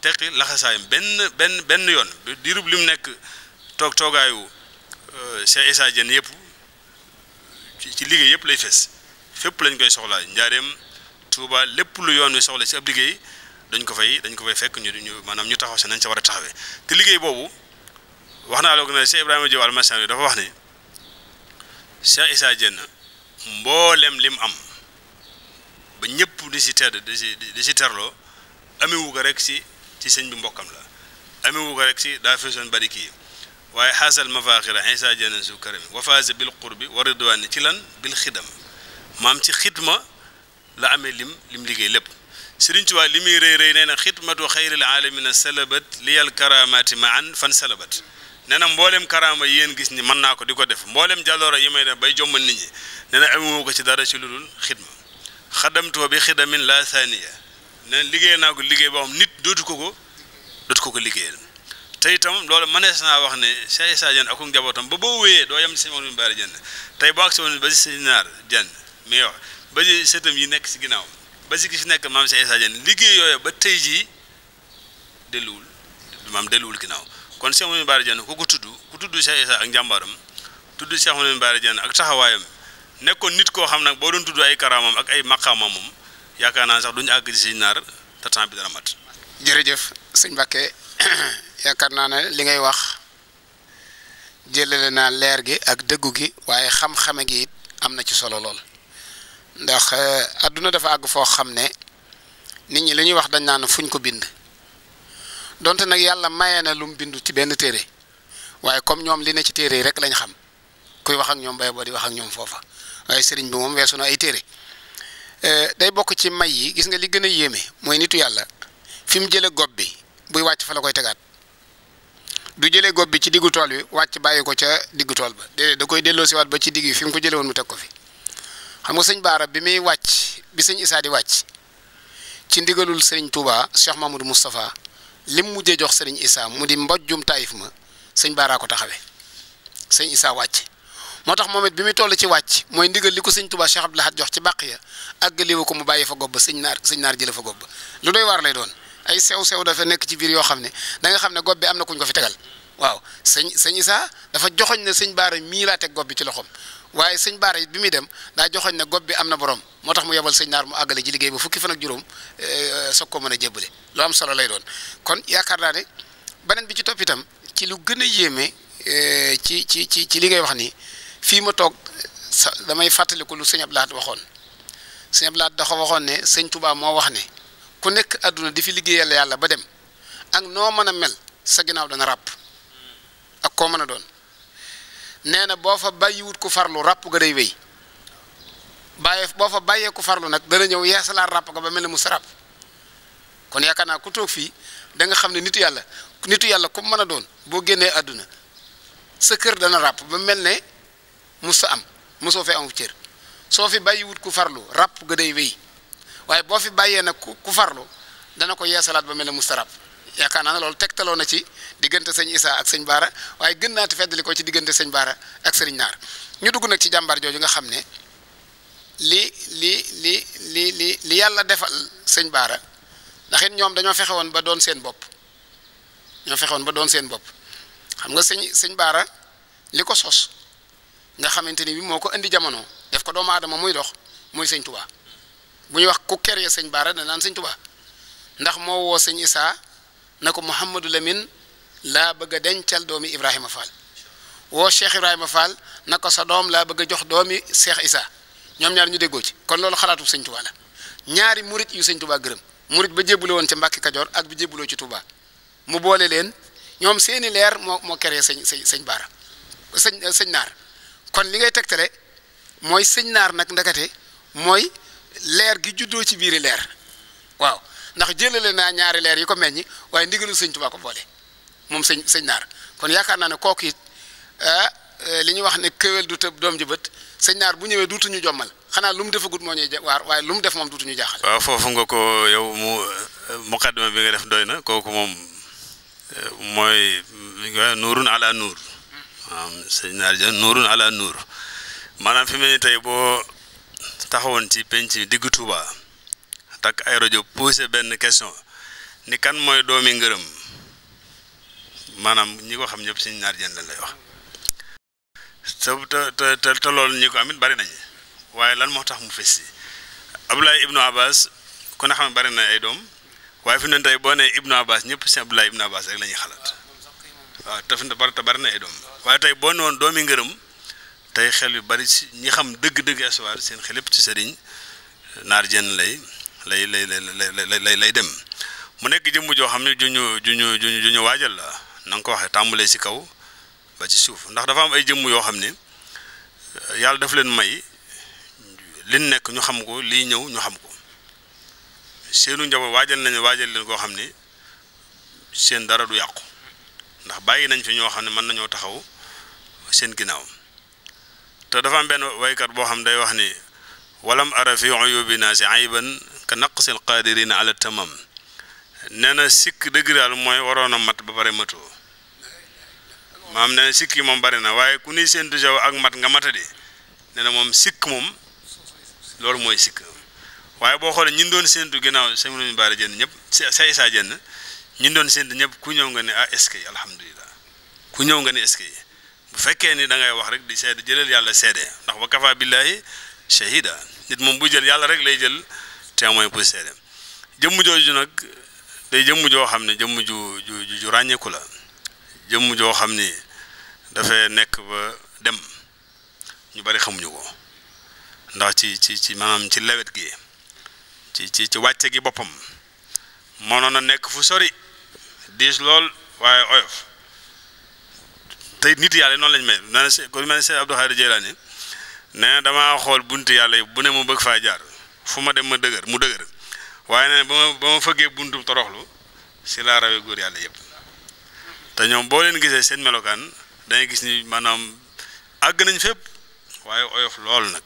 tekki laxasaayam benn benn benn yoon diirub li mu nekk toog toogaayu euh, Cheikh Issa Diène yëpp ci liggéey yëpp lay fees fépp lañ koy soxlaa njaareem Touba lépp lu yoon wi soxla ci ab liggéey dañ ko fay dañ ko fay fekk ñu ñu maanaam ñu taxaw si nañ sa war a taxawee te liggéey boobu wax naa la ko ne Cheikh Ibrahima Diop almasaan dafa wax ni Cheikh Issa Diène mboolem lim am ba ñëpp di si tedd di si di si terloo amewu ko rek si ci sëñ bi mbokkam la amewu ko rek si daa feesoon bari kii waaye xaasal mafaaxira Issa Diène su karami wafaase bil qurbi wa ridwaani ci lan bil xidam maam ci xidma la amee lim lim liggéey lépp Sëriñ Tuubaa li muy rëy rëy nee na xidmatu xayril alamina salabat liyal karamati ma an fan salabat nee na mboolem karaama yi yéen gis ni mën naa ko di ko def mboolem jaloora yi may def bay jommal nit ñi nee na ko ci dara ci lu dul xidma xadamtuwa bi xidamin la saaniya nee na liggéey naa ko liggéey boo xam nit dootu ko ko dootu ko ko liggéeyal te itam loolu mënees naa wax ne Cheikh Issa Diène ak njabootam ba boo wéyee doo yem si Maodo Mbari tey boo agsi woon ba si Naar Diène mi wax ba si sëtam yi nekk si ginnaaw ba si ki fi nekk maam Cheikh Issa Diène liggéey yooyu ba tey jii delluwul maam delluwul ginnaaw kon Cheikh Mouhamed Bara Diène ku ko tudd ku tudd Cheikh Issa ak njàmbaaram tudd Cheikh Mouhamed Bara Diène ak taxawaayam nekkoon nit koo xam nag boo doon tudd ay karaamam ak ay maqaamam moom yaakaar naa sax duñu àgg si naar te temps bi dara mat. jërëjëf sëñ Mbacké yaakaar naa ne li ngay wax jëlale naa leer gi ak dëggu gi waaye xam-xame gi it am na ci solo lool ndax adduna eh, dafa àgg foo xam ne nit ñi li ñuy wax dañ naan fuñ ko bind. donte nag yàlla maye na lu mu bindu ci benn téere waaye comme ñoom li ne ci téere yi rek lañ xam kuy wax ak ñoom bay boo di wax ak ñoom foofa waaye sëriñ bi moom weesu na ay téere euh, day bokk ci may yi gis nga li gën a yéeme mooy nitu yàlla fi mu jëlee gob bi buy wàcc fa la koy tegaat du jële gob bi ci diggu tool bi wàcc bàyyi ko ca diggu tool ba déedéet da koy delloo delloosiwaat ba ci digg yi fi mu ko jëlee woon mu teg ko fi xam nga sëñ Baara bi muy wàcc bi sëñ Isaa wàcc ci ndigalul sëriñ Touba Cheikh Mamadou Moustapha li mu mujjee jox sëriñ Issa mu di mbojjum taayif ma sëñ Baara ko taxawee sëñ Issa wàcc moo tax moom bi muy toll ci wàcc mooy ndigal li ko sëñ Touba Cheikh Abdou Lahad jox ci bàq ya àggaliwu ko mu bàyyi fa gob gobba sëñ naar sëñ naar jële fa ba lu doy waar lay doon ay sew-sew dafa nekk ci biir yoo xam ne da nga xam ne gob bi am na kuñ ko fi tegal waaw sëñ sëñ Issa dafa joxoñ ne sëñ Baara mii laa teg gob bi ci loxoom waaye sëñ baara it bi muy dem daa joxoñ ne gob bi am na borom moo tax mu yebal sëñ naar mu àggale ji liggéey ba fukki fan ak juróom eh, soog koo mën a jébbale lu am solo lay doon kon yaakaar naa ne beneen bi ci topp itam ci lu gën a yéeme eh, ci ci ci ci li ngay wax nii fii ma toog sa damay fàttaliku lu sëñ Ablaat waxoon sëñ Ablaat dafa waxoon ne sëñ Touba moo wax ne ku nekk àdduna di fi liggéeyal yàlla ba dem ak noo mën a mel sa ginaaw dana ràpp ak koo mën a doon. nee na boo fa bàyyiwut ku farlu ràpp ga day wéy bàyyi boo fa bàyyee ku farlu nag dana ñëw yeesalaat ràpp ga ba mel ne mu sa kon yaakaar naa ku toog fii danga xam ne nitu yàlla nitu yàlla ku mën a doon boo génnee àdduna sa kër dana ràpp ba mel ne mus am mosoo fee am cër soo fi bàyyiwut ku farlu ràpp ga day wéy waaye boo fi bàyyee nag ku ku farlu dana ko yeesalaat ba mel ne mu sa yaakaar naa loolu tegtaloo na ci diggante sëñ Issa ak sañ Baara waaye gën naa te feddali ko ci diggante sañ Baara ak sëriñ Naar ñu dugg nag ci jàmbaar jooju nga xam ne li li li li li li yàlla defal sëñ Baara ndax ñoom dañoo fexe woon ba doon seen bopp ñoo fexe ba doon seen bopp xam nga sëñ sëñ Baara li ko sos nga xamante ni bi moo ko indi jamono def ko doomu aadama muy dox muy sëñ Touba bu ñuy wax ku kere sëñ Baara danaan sëñ Touba ndax moo woo sëñ Issa na ko Mouhamadou Lamine laa bëgg dencal doomi Ibrahima Fall woo Cheikh Ibrahima Fall na ko sa doom laa bëgg a jox doomi Cheikh Issa ñoom ñaar ñu déggoo ci kon loolu xalaatu sëñ Touba la ñaari murit yu sëñ Touba gërëm murit ba jébbale woon ci Mbàkke Kajoor ak bi jébbaloo ci tubaa mu boole leen ñoom seeni leer moo keree sëñ sëñ sëñ Baara sëñ sëñ Naar kon li ngay tegtale mooy sëñ Naar nag ndakate mooy leer gi juddoo ci biir i leer waaw. ndax jëlale naa ñaari leer yi ko meññi waaye ndigalul sëñ Tuubaa ko boole moom sëñ sëñ naar kon yaakaar naa ne kooku it ah, eh, li ñuy wax ne kéwél du tëb doom ji bët sëñ naar bu ñëwee duutuñu jommal xanaa lu mu defagut moo ñuy waar waaye lu def moom duutuñu jaaxal. waaw foofu nga ko yow mu muqaddima bi nga def doy na kooku moom eh, mooy nuurun ala nuur waaw sëñ naar ja nuurun ala nuur maanaam fi tey boo taxawoon ci penc diggu Tuubaa takk ay rajo posé benn question ni kan mooy doomi ngërëm maanaam ñi ko xam ñëpp suñu ñaar jënd lay wax te te te loolu ñi ko amit bari nañu waaye lan moo tax mu fes si Abdoulaye Ibnu Abbas ku ne xam ne bari na ay doom waaye fi mu tey boo nee Ibnu Abbas ñëpp si Abdoulaye Ibnu Abbas rek lañuy ñuy xalaat waaw te fi mu ne bari na ay doom waaye tey boo ne woon doomi ngërëm tey xel yu bari si ñi xam dëgg-dëgg histoire seen xel yëpp ci sëriñ naar jën lay lay lay lay lay dem mu nekk jëmm joo xam ne ju ñu ju ñu ju ñu waajal la na ko waxee tàmbalee si kaw ba ci suuf ndax dafa am ay jëmm yoo xam ni euh, yàlla daf leen may li nekk ñu xam ko lii ñëw ñu xam ko seenu njaboot waajal nañu waajal leen koo xam ne seen dara du yàqu ndax bàyyi nañ fi ñoo xam ne mën nañoo taxaw seen ginnaaw te dafa am benn waykat boo xam day wax ni walam ara fi uyubina si ayban ka naqsi al qaadirina ala tamam nee na sikk dëgg daal mooy waroon a mat ba pare matoo maam nee na sikk yi moom bari na waaye ku ni séntu jaw ak mat nga matadi nee na moom sikk moom loolu mooy sikk waaye boo xoolee ñi doon séntu ginnaaw sëñ bi baara jënd ñëpp say saa jënd ñi doon séntu ñëpp ku ñëw nga ne ah est-ce que alhamdulilah ku ñëw nga ne est bu fekkee ni da ngay wax rek di seede jëleel yàlla seede ndax wa kafa billahi shahida nit moom bu jël yàlla rek lay jël. témoin pour seede jëmm jooju nag day jëmm joo xam ne jëmm ju ju ju ràññeeku la jëmm joo xam ni dafa nekk ba dem ñu bari xamuñu ko ndax ci ci ci maanaam ci lewet gi ci ci ci wàcce gi boppam mënoon a nekk fu sori diis lool waaye oyof te nit yàlla noonu lañ mel nee na ko mel ne Seex Abdou Xaadir nee na xool bunti yàlla yi bu ne mu bëgg faa jaar fu ma dem ma dëgër mu dëgër waaye nee ba ma ba ma fëggee buntu toroxlu si laa rawee góor yàlla yëpp te ñoom boo leen gisee seen melokaan dangay gis ni maanaam àgg nañ fépp waaye oyof lool nag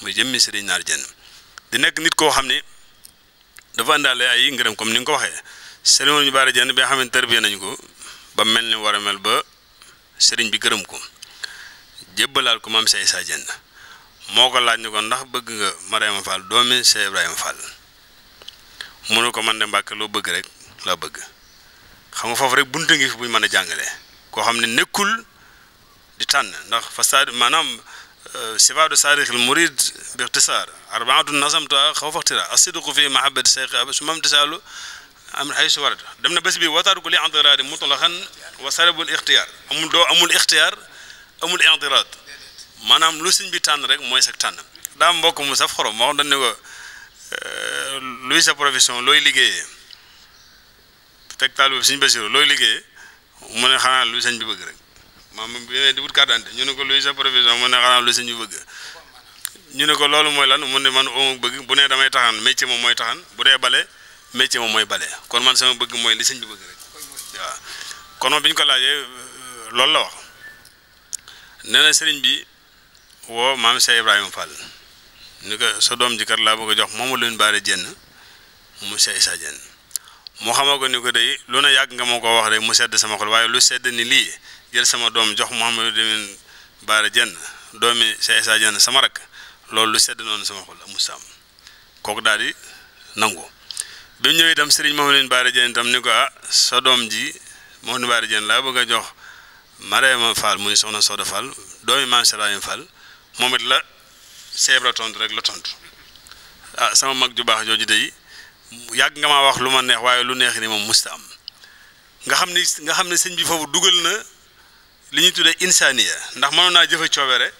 muy jëmmi sëriñ naar jenn di nekk nit koo xam ne dafa àndaale ay ngërëm comme ni nga ko waxee sëriñ ñu baara jenn bi nga xam ne tërbiya nañ ko ba mel ni war a mel ba sëriñ bi gërëm ko laal ko maam say saa jenn moo ko laaj ni ko ndax bëgg nga Mariama Fall doomi Cheikh Ibrahima Fall mu ne ko man de Mbàkke loo bëgg rek laa bëgg xam nga foofu rek buntu ngi fi buñ mën a jàngalee koo xam ne nekkul di tànn ndax fa saadi maanaam euh, sifaatu saarixil murid bi ixtisaar nasam nasamta xaw faxtira asiduqu fi mahabbat cheikh ab su mam tisaalu am ay su warat dem na bés bi wataar ku li intiraadi mutlaxan wa sarabul ixtiyaar amul doo amul ixtiyaar amul intiraad maanaam lu sëñ bi tànn rek mooy seet tànn daa mbokk mu saf xorom moo xam dañ ne ko euh, luy sa profession looy liggéeyee teg taalibe bi sëñ Basiru looy liggéeyee mu ne xanaa lu sëñ bi bëgg rek maam bi di wut carte d'identité ñu ne ko luy sa profession mu ne xanaa lu sëñ bi ñu ne ko loolu mooy lan mu ne man oo bëgg bu ne damay taxaan métier moom mooy taxaan bu dee bale métier moom mooy bale kon man sama bëgg mooy li sëñ bi bëgg rek waaw kon moom bi ñu ko laajee loolu la wax nee na sëriñ bi woo maam Cheikh Ibrahima Fall ni ko sa doom ji kat laa bëgg a jox moomu leen baare jenn mu Cheikh Issa Dieng mu xamal ko ni ko de lu ne yàgg nga moo ko wax de mu sedd sama xol waaye lu sedd ni lii jël sama doom jox Mouhamadou Lamine Bara Dieng doomi Cheikh sama rak loolu lu sedd sama xol mu sàmm kooku daal di nangu bi mu ñëwee itam Serigne Mouhamadou Lamine Bara ah, sa doom ji Mouhamadou Bara Dieng laa bëgg a jox Marème Fall muy soxna Soda Fall doomi Mame Seraye Fall moom it la seeb la rek la tontu ah sama mag ju baax jooju day yàgg nga ma wax lu ma neex waaye lu neex ni moom musta am nga xam ni nga xam ne sëñ bi foofu dugal na li ñuy tuddee insaniya ndax mënoon naa jëfe coobere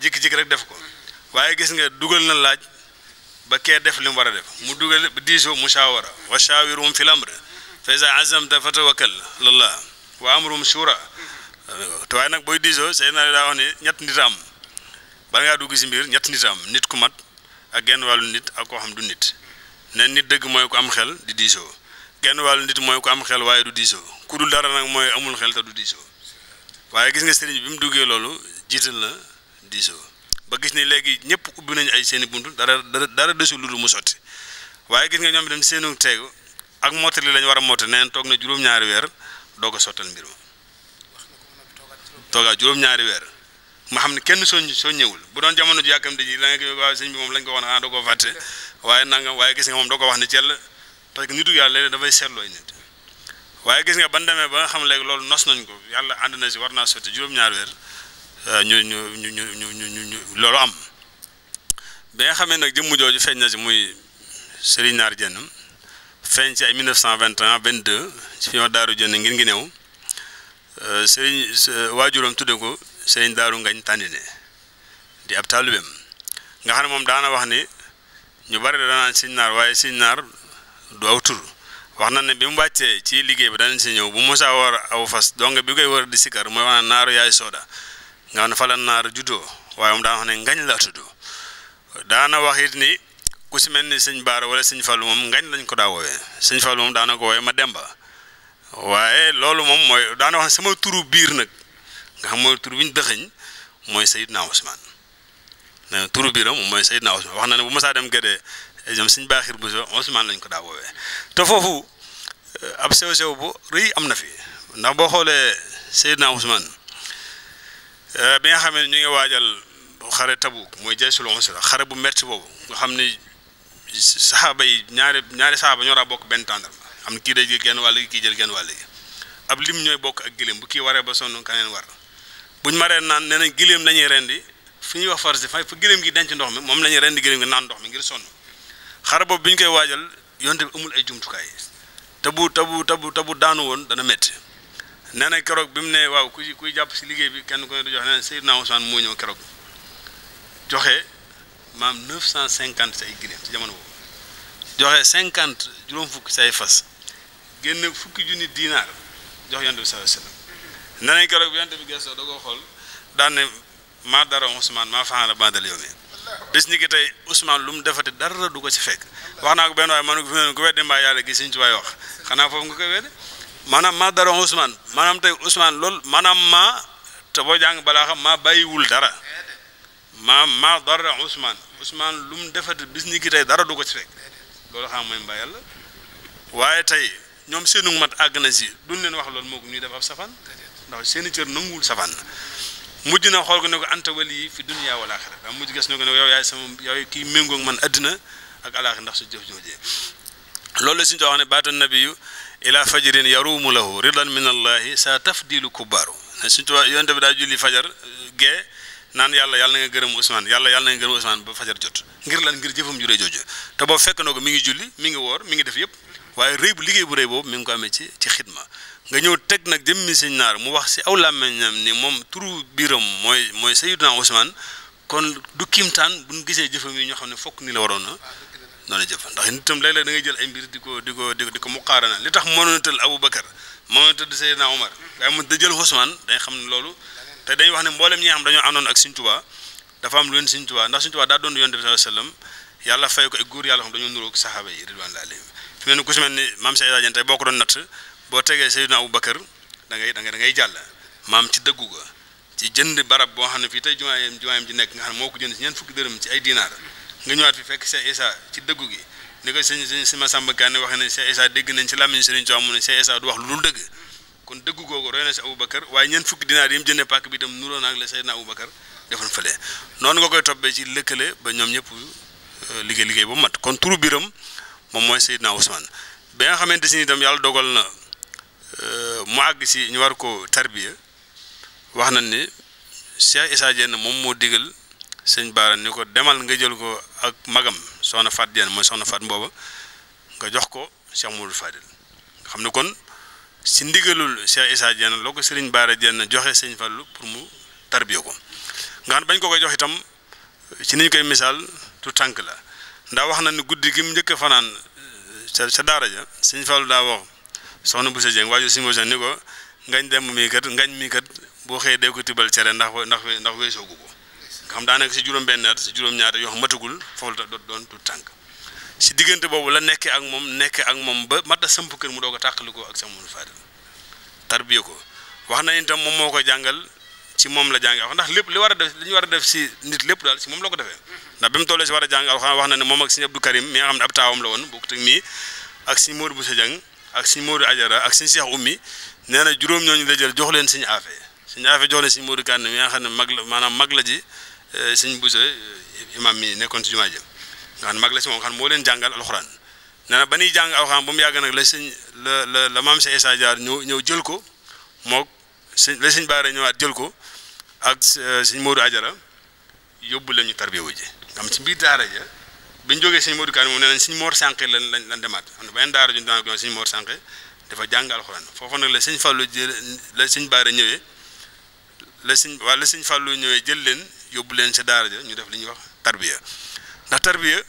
jikki-jikki rek def ko waaye gis nga dugal na laaj ba kee def li mu war a def mu dugal diisoo mushawara wa shaawirum fil amr fa iza azamta fatawakkal lallah wa amrum shura te waaye nag booy diisoo say naa daa wax ni ñett nit am bala ngaa dugg si mbir ñett nit am nit ku mat ak genn wàllu nit ak koo xam du nit neen nit dëgg mooy ko am xel di diisoo genn wàllu nit mooy ko am xel waaye du diisoo ku dul dara nag mooy amul xel te du diisoo waaye gis nga sëriñ bi mu duggee loolu jiital na diisoo ba gis ni léegi ñëpp ubbi nañu ay seeni bunt dara dara dara desul lu dul mu sotti waaye gis nga ñoom itam seenu teegu ak mottali lañ war a mottali neen toog na juróom-ñaari weer doo ko sottal mbir ma toogaa juróom-ñaari weer ma xam ne kenn soo soo ñëwul bu doon jamono ji yàkkamte ji la nga ko waaye sëñ bi moom lañ ko wax ne ah waaye nangam waaye gis nga moom doo ko wax ne cell parce que nitu yàlla léeg-léeg dafay seetlooy nit waaye gis nga ban demee ba nga xam léegi loolu nos nañ ko yàlla ànd na si war naa sotti juróom-ñaari weer euh, ñu ñu ñu ñu ñu ñu ñu loolu am ba nga xamee nag jëmm jooju feeñ na si muy Serigne Naar Dieng feeñ ci ay 1921 22 ci fi ma daaru jënd ngir ngi néew euh, Serigne euh, waajuram tudde ko. sëriñ daaru ngañ tàndine di ab taalibeem nga xam ne moom daana wax ni ñu bari danaan sëñ naar waaye sëñ naar du aw wax na ne bi mu wàccee ci liggéey bi danañ si ñëw bu mosaa war aw fas donc bi koy wër di sikar mooy wax yaay sooda nga xam ne fa la naaru juddoo waaye moom daana wax ne ngañ la tudd daana wax it ni ku si mel ni sëñ baar wala sëñ fallu moom ngañ lañ ko daa woowee sëñ fallu moom daana ko woowee ma demba waaye loolu moom mooy daana wax ne sama turu biir nag nga xam mooy tur bi ñu dëxëñ mooy Seydina Ousmane nee na turu biiram mooy Seydina Ousmane wax na ne bu masaa dem gëdee ñoom suñ baaxir bu so Ousmane lañ ko daa te foofu eh, ab sew sew am na fi ndax boo xoolee Seydina Ousmane eh, bi nga xam ne ñu ngi waajal xare tabu mooy jaysul usra xare bu metti boobu nga xam ni saxaaba yi ñaari ñaari saxaaba ñoo daa bokk benn tàndarma am kii day jël genn wàll gi kii jël genn wàll gi ab lim ñooy bokk ak gëléem bu kii waree ba sonn kaneen war buñ maree naan nee nañ giléem la ñuy rendi fi ñuy wax farsi fa fu giléem gi denc ndox mi moom la ñuy rendi giléem gi naan ndox mi ngir sonn xar boobu bi ñu koy waajal yonte bi amul ay jumtukaay te bu te bu tabu bu daanu woon dana métti nee nañ keroog bi mu ne waaw ku kuy jàpp si liggéey bi kenn ku ne du jox nee nañ Seydina Ousmane moo ñëw keroog joxe maam cinquante say giléem si jamono boobu joxe cinquante juróom fukki say fas génn fukki junni jox yonte bi ne nañ keroog bi yonte bi gëstoo da koo xool daan maa dara Ousmane maa faala badal yow mi bis ñi tey Ousmane lu mu defati dara du ko ci fekk wax naa ko benn waaye man ko fi ku weddi mbaa yàlla gi Sëñ wax xanaa foofu nga koy maanaam maa dara Ousmane maanaam tey Ousmane loolu maanaam maa te boo jàng balaa xam maa bàyyiwul dara maa maa dara Ousmane Ousmane lu mu defati bis ñi tey dara du ko ci fekk loolu xam mooy mbaa yàlla waaye tey ñoom seenu mat àgg na si duñ leen wax loolu moo ñuy def ab safan ndax seen i cër nanguwul safaan mujj na xool ko ne ko anta wali fi dunya wal axira daa mujj ges ne ko ne ko yow yaay sama yow kii méngoo man àddina ak alaaxira ndax su jëf joojee loolu la suñu too wax ne baatu nabiyu ila fajarin yaruumu lahu ridan min allahi sa tafdilu kubbaaru suñu too yonte bi daa julli fajar eh, gee naan yàlla yàlla na nga gërëm Ousmane yàlla yàlla na nga gërëm Ousmane ba fajar jot ngir lan ngir jëfam juree jooju te boobu fekk na mi ngi julli mi ngi woor mi ngi def yëpp waaye rëy bu bu rëy boobu mi ngi ko amee ci ci xidma nga ñëw teg nag jëmmi sëñ naar mu wax si aw làmmiñam ni moom turu biiram mooy mooy Sayyiduna Usmaan kon du kimtaan bu ñu gisee jëfam yi ñoo xam ne fokk ni la waroon na noonu jëf ndax nitam léeg-léeg da ngay jël ay mbir di ko di ko di ko li tax mënoon a tëdd Abu Bakar mënoon a tëdd Sayyiduna Umar waaye mu da jël Usmaan dañ xam ne loolu te dañ wax ne mboolem ñi nga xam dañoo àndoon ak Sëñ Tuubaa dafa am lu leen Sëñ Tuubaa ndax Sëñ Tuubaa daa doon Yonent bi sallallahu alayhi wa sallam yàlla fay ko ay góor yàlla xam dañoo nuroog saxaaba yi ridwanullahi alayhim fi boo ko doon natt boo tegee Seydina Aboubacar da ngay da ngay da jàll maam ci dëggu ga ci jënd barab boo xam ne fii tey jumaayam jumaayam ji nekk nga xam ne moo ko jënd ci ñeent fukki dërëm ci ay dinaar nga ñëwaat fi fekk Cheikh Issa ci dëggu gi ni ko sëñ sëñ si Massamba Kane waxee ne Cheikh Issa dégg nañ ci làmmiñ Serigne Touba mu ne na si Aboubacar waaye ñeent fukki dinaar yi mu fële noonu nga koy toppee ci lëkkale ba ñoom ñëpp euh, liggéey liggéey ba mat kon turu biram moom mooy Seydina Ousmane bi nga xamante si itam yàlla dogal na Euh, mu àgg si ñu war ko tarbiya wax nañ ni Cheikh Issa Diène moom moo digal sëñ Baara ni ko demal nga jël ko ak magam soxna Fat Diène mooy soxna Fat mbooba nga jox ko Cheikh Moudou Fadil nga xam ne kon si ndigalul Cheikh Issa Diène loo ko sëriñ Baara Diène joxe sëñ Fallu pour mu tarbiya ko nga xam bañ ko koy jox itam ci niñ koy misaal tu tànk la ndax wax na ni guddi gi mu njëkk a fanaan ca ca daara ja sëñ Fallu daa wax soxna bu Dieng waajur suñu mosoon ni ko ngañ dem kat ngañ mii kat boo xëyee dee ko tibal cere ndax ndax ndax weesoogu ko xam daanaka si juróom-benn at si yoo xam matagul foofu la doon du tànk si diggante boobu la nekkee ak moom nekkee ak moom ba mat a kër mu doog a tàqalikoo ak sama faadal tarbiya ko wax na itam moom moo ko jàngal la jàngi wax ndax lépp li war a def li ñu war a def si nit lépp daal si moom la ko defee ndax bi mu tollee si war a jàng wax na ne moom ak sëñ Abdou Karim mi nga xam ne ab taawam la woon bokk teg mii ak sëñ Modou Boussa Dieng ak suñ Modou Ajara ak suñ Cheikh Oumy nee na juróom ñooñu la jël jox leen suñu affaire suñu affaire jox leen suñ Modou Kane mi nga xam ne mag la maanaam mag la ji eh, suñ Bousso eh, imam mi nekkoon ci jumaa ji nga xam mag la si moom xam moo leen jàngal alxuraan nee na ba ñuy jàng alxuraan ba mu yàgg nag la suñ la la la maam Cheikh Issa Diar ñëw ñëw jël ko mook suñ la suñ Baara ñëwaat jël ko ak eh, suñ Modou Ajara yóbbu la ñu tarbiyewu ji am ci biir daara ja bi ñu jógee sëñ Modou Kane moom nee nañ sëñ Mor Sànqe lan lañ lan demaat xam ne benn daara ju ñu daan ko sëñ Mor Sànqe dafa jàng alxuraan foofu nag la sëñ Fallou jël la sëñ Baara ñëwee la sëñ waa la sëñ ñëwee jël leen yóbbu leen sa daara ja ñu def li ñuy wax tarbiya ndax tarbiya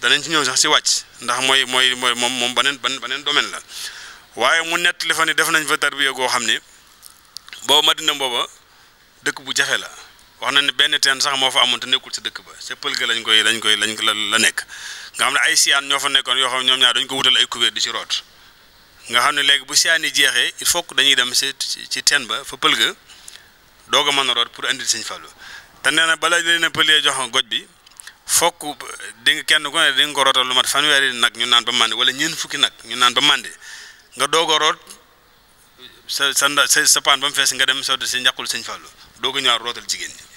danañ si ñëw sax si wàcc ndax mooy mooy mooy moom moom beneen beneen domaine la waaye mu nett li fa ne def nañ fa tarbiya goo xam ne booba Madina booba dëkk bu jafe la wax na ne benn teen sax moo fa amoon te nekkul ci dëkk ba ca pël ga lañ koy lañ koy lañ la nekk nga xam ne ay siyaan ñoo fa nekkoon yoo xam ñoom ñaar dañ ko wutal ay kubéer di ci root nga xam ne léegi bu siyaan yi jeexee il faut que dañuy dem ci ci teen ba fa pël ga doog mën a root pour indi sëñ falo te nee na bala leen a pëlee jox goj bi fokk di kenn ku ne di nga ko rootal lu mat fanweeri nag ñu naan ba màndi wala ñeent fukki nag ñu naan ba màndi nga doog a root sa sa sa paan nga dem sawte si njàqul sëñ Fallu doog a ñëwaat rootal jigéen ñi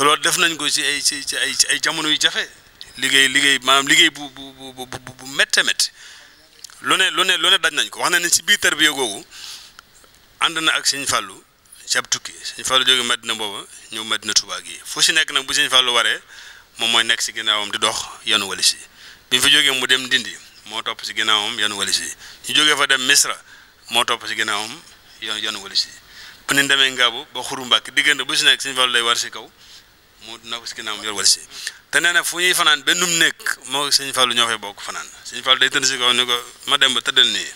te def nañ ko ci ay ci ay ci ay jamono yu jafe liggéey liggéey maanaam liggéey bu bu bu bu bu métte métti lu ne lu ne lu ne daj nañ ko wax nañ ne ci biir tarbiya googu ànd na ak sëñ Fallou ci ab tukki sëñ Fallou jóge Madina booba ñëw Madina Touba gi foo si nekk nag bu sëñ Fallou waree moom mooy nekk ci ginnaawam di dox yanu walis yi bi ñu fi jógee mu dem Ndindi moo topp ci ginnaawam yanu walis yi ñu jógee fa dem Misra moo topp ci ginnaawam yan yanu walis yi demee Ngaabu ba Xuru Mbàkke diggante bu ci nekk sëñ Fallou lay war ci kaw. moo dina ko si ginnaaw mu yor wal si te nee na fu ñuy fanaan benn mu nekk moo sëñ Fallou ñoo fay bokk fanaan sëñ Fallou day tënk si kaw ni ko ma dem ba tëddal nii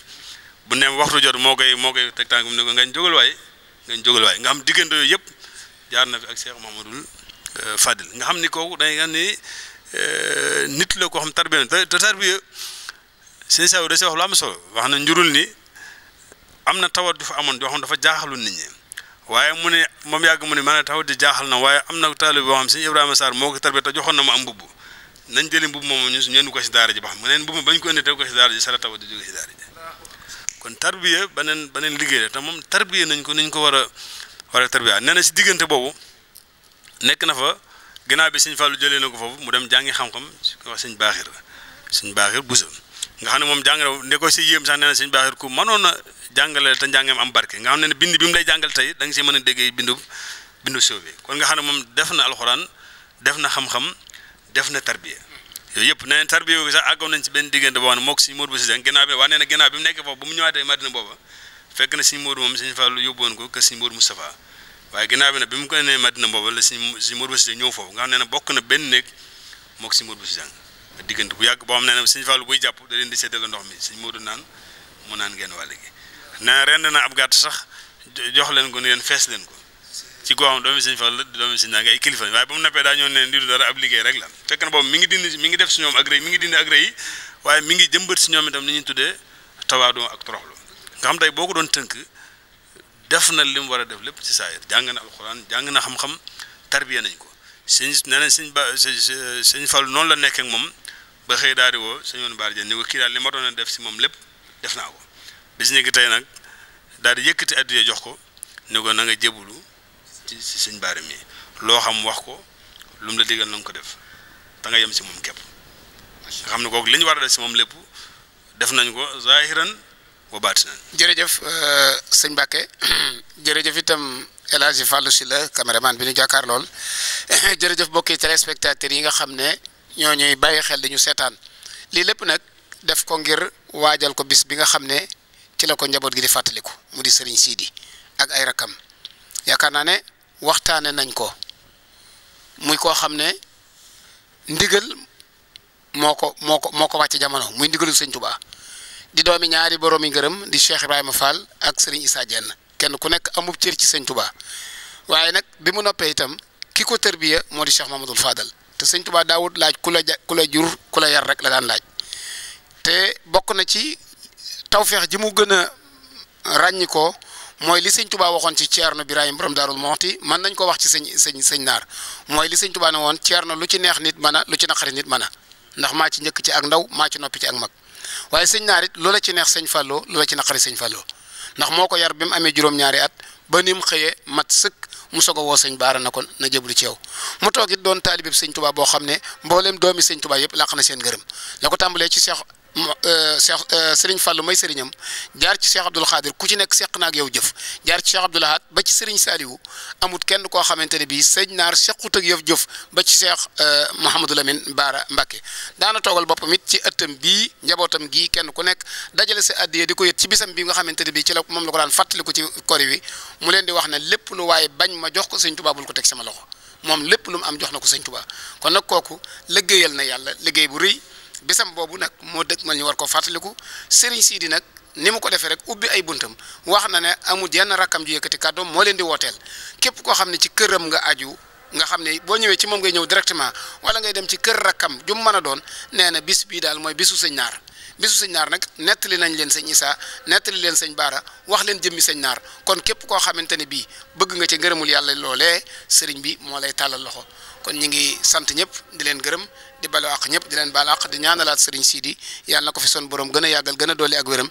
bu ne waxtu jot moo koy moo koy teg tànkam ni ko ngañ jógal waay ngañ jógal waay nga xam diggante yëpp jaar na fi ak Cheikh Mouhamadoul euh, Fadil nga xam ni kooku dañuy nga ni euh, nit la ko xam tarbiya te te tarbiya si wax lu am solo wax na njurul ni am na tawat ju fa amoon yoo xam dafa jaaxalu nit ñi. waaye mu ne moom yàgg mu ne maanaam taxaw di jaaxal na waaye am na taalib boo xam sëñ Ibrahima Sarr moo ko tarbe te joxoon na ma am mbubb nañ jëli mbubb moom ñu ñenn ko si daara ji ba xam mu neen mbubb bañ beneen beneen te moom tarbiya nañ ko nañ ko war war a tarbiya nee na si diggante boobu nekk na fa ginnaaw bi sëñ Fallou jëlee na ko foofu mu dem jàngi xam-xam wax sëñ Baaxir sëñ Baaxir Bousso nga xam ne moom jàng na ne ko si yéem sax nee na sëñ Baaxir ku mënoon a jàngale te njàngam am barke nga xam ne ne bind bi mu lay jàngal tey da nga si mën a déggee bindu bindu sëw kon nga xam ne def na alxuraan def na xam-xam def na tarbiya yooyu yëpp nee na tarbiya bi sax àggoon nañ ci benn diggante boo xam si Modou na ginnaaw bi mu nekk bu mu ñëwaatee ko que Sëñ Modou Moustapha bi nag bi mu ko nee Madina booba la Sëñ bokk na benn néeg mook Sëñ Modou diggante bu yàgg boo xam ne ne Sëñ Fallou buy jàpp da leen di seddale ndox mi Sëñ Modou naan mu naan genn wàll gi na rend na ab gàtt sax jox leen ko ni leen fees leen ko ci goo xam doomi sëñ Fall doomi sëñ Nanga ay kilifa waaye ba mu nappee daa ñoo neen di du dara ab liggéey rek la fekk na boobu mi ngi dindi mi ngi def si ñoom agré mi si ñoom itam ni ñuy tuddee tawaadu ak toroxlu nga xam tey boo ko doon tënk def na li mu war a def lépp ci saayir jàng na alxuraan jàng na xam-xam tarbiya nañ ko sëñ nee nañ sëñ ba sëñ Fall noonu la nekkee moom ba xëy daa di woo sëñ woon baar jeen ni ko kii li ma doon def si moom lépp def naa ko bis ni ki tey nag daal di yëkkati addiya jox ko ni ko na nga jébulu ci ci sëñ baara mi loo xam wax ko lu la digal na ko def da nga yem si moom képp nga xam ne kooku li ñu war a def si moom lépp def nañ ko zahiran wa baatinan jërëjëf euh, sëñ Mbacke jërëjëf itam El Hadj Fallou Sylla caméraman bi ñu jàkkaar lool jërëjëf mbokki téléspectateurs yi nga xam ne ñoo ñuy bàyyi xel di seetaan lii lépp nag def ko ngir waajal ko bis bi nga xam ne ci la ko njaboot gi di fàttaliku mu di sëriñ siidi ak ay rakam yaakaar naa ne waxtaane nañ ko muy koo xam ne ndigal moo ko moo ko moo ko wàcce jamono muy ndigalu sëñ Touba di doomi ñaari boroomi ngërëm di Cheikh Ibrahima Fall ak sëriñ Issa Diène kenn ku nekk amub cër ci sëñ Touba waaye nag bi mu noppee itam ki ko tërbiya moo di ma Mamadou Fadal te sëñ Touba daawut laaj ku la ja ku la jur ku la yar rek la daan laaj te bokk na ci tawféex ji mu gën a ràññi ko mooy li sëñ tubaa waxoon ci ceerno Birahim borom daarul moxti man nañ ko wax ci sëñ sëñ sëñ naar mooy li sëñ tubaa ne woon ceerno lu ci neex nit mën a lu ci naqari nit mana ndax maa ci njëkk ci ak ndaw maa ci noppi ci ak mag waaye sëñ naar it la ci neex sëñ fàlloo loola ci naqari sëñ fàlloo ndax moo ko yar bi mu amee juróom-ñaari at ba ni mu xëyee mat sëkk mu soog a woo sëñ baara na ko na jëblu ci yow mu toog it doon taalibib sëñ tubaa boo xam ne mbooleem doomi sëñ tubaa yëpp làq na seen ngërëm la ko tàmbalee ci Cheikh Euh, Cheikh euh, Serigne Fallou may sëriñam jaar ci Cheikh Abdoul Khadir ku ci nekk seq na ak yow jëf jaar ci Cheikh Abdoul Ahad ba ci Serigne Saliou amut kenn koo xamante ne bii sëñ naar sequt ak jëf ba ci Cheikh euh, Mouhamadou Lamine Baara Mbacke daana toogal boppam it ci ëttam bii njabootam gii kenn ku nekk dajale sa addiye di ko yët ci bisam bii nga xamante ne bii ci la moom la ko daan fàttali ko ci kori wi mu leen di wax ne lépp lu waaye bañ ma jox ko sëñ Tuubaa ko teg sama loxo moom lu mu am jox na ko sëñ Tuubaa kon nag kooku liggéeyal na yàlla liggéey bu rëy bisam boobu nag moo dëgg ma ñu war ko fàttaliku sii Sidi nag ni mu ko defee rek ubbi ay buntam wax na ne amul yenn rakkam ju yëkkati kàddoom moo leen di wooteel képp koo xam ne ci këram nga aju nga xam ne boo ñëwee ci moom ngay ñëw directement wala ngay dem ci kër rakkam ju mu mën a doon nee na bis bii daal mooy bisu sañ naar bisu sëñ naar nag nettali nañ leen sëñ Isaa nettali leen sañ Baara wax leen jëmmi sañ naar kon képp koo xamante ne bii bëgg nga ci ngërëmul yàlla loolee sëriñ bi moo lay tàllal loxo kon ñu ngi sant ñëpp di leen gërëm di balu àq ñëpp di leen baal àq di ñaanalaat sëriñ ko fi son borom a yàggal a dolli ak wéram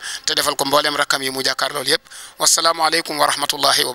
ko mbooleem rakkam yi mu jàkkaar loolu yëpp wasalaamualeykum wa rahmatullahi wa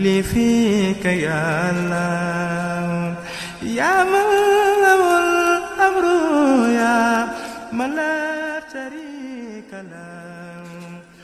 لي فيك يا الله يا من له الأمر يا من له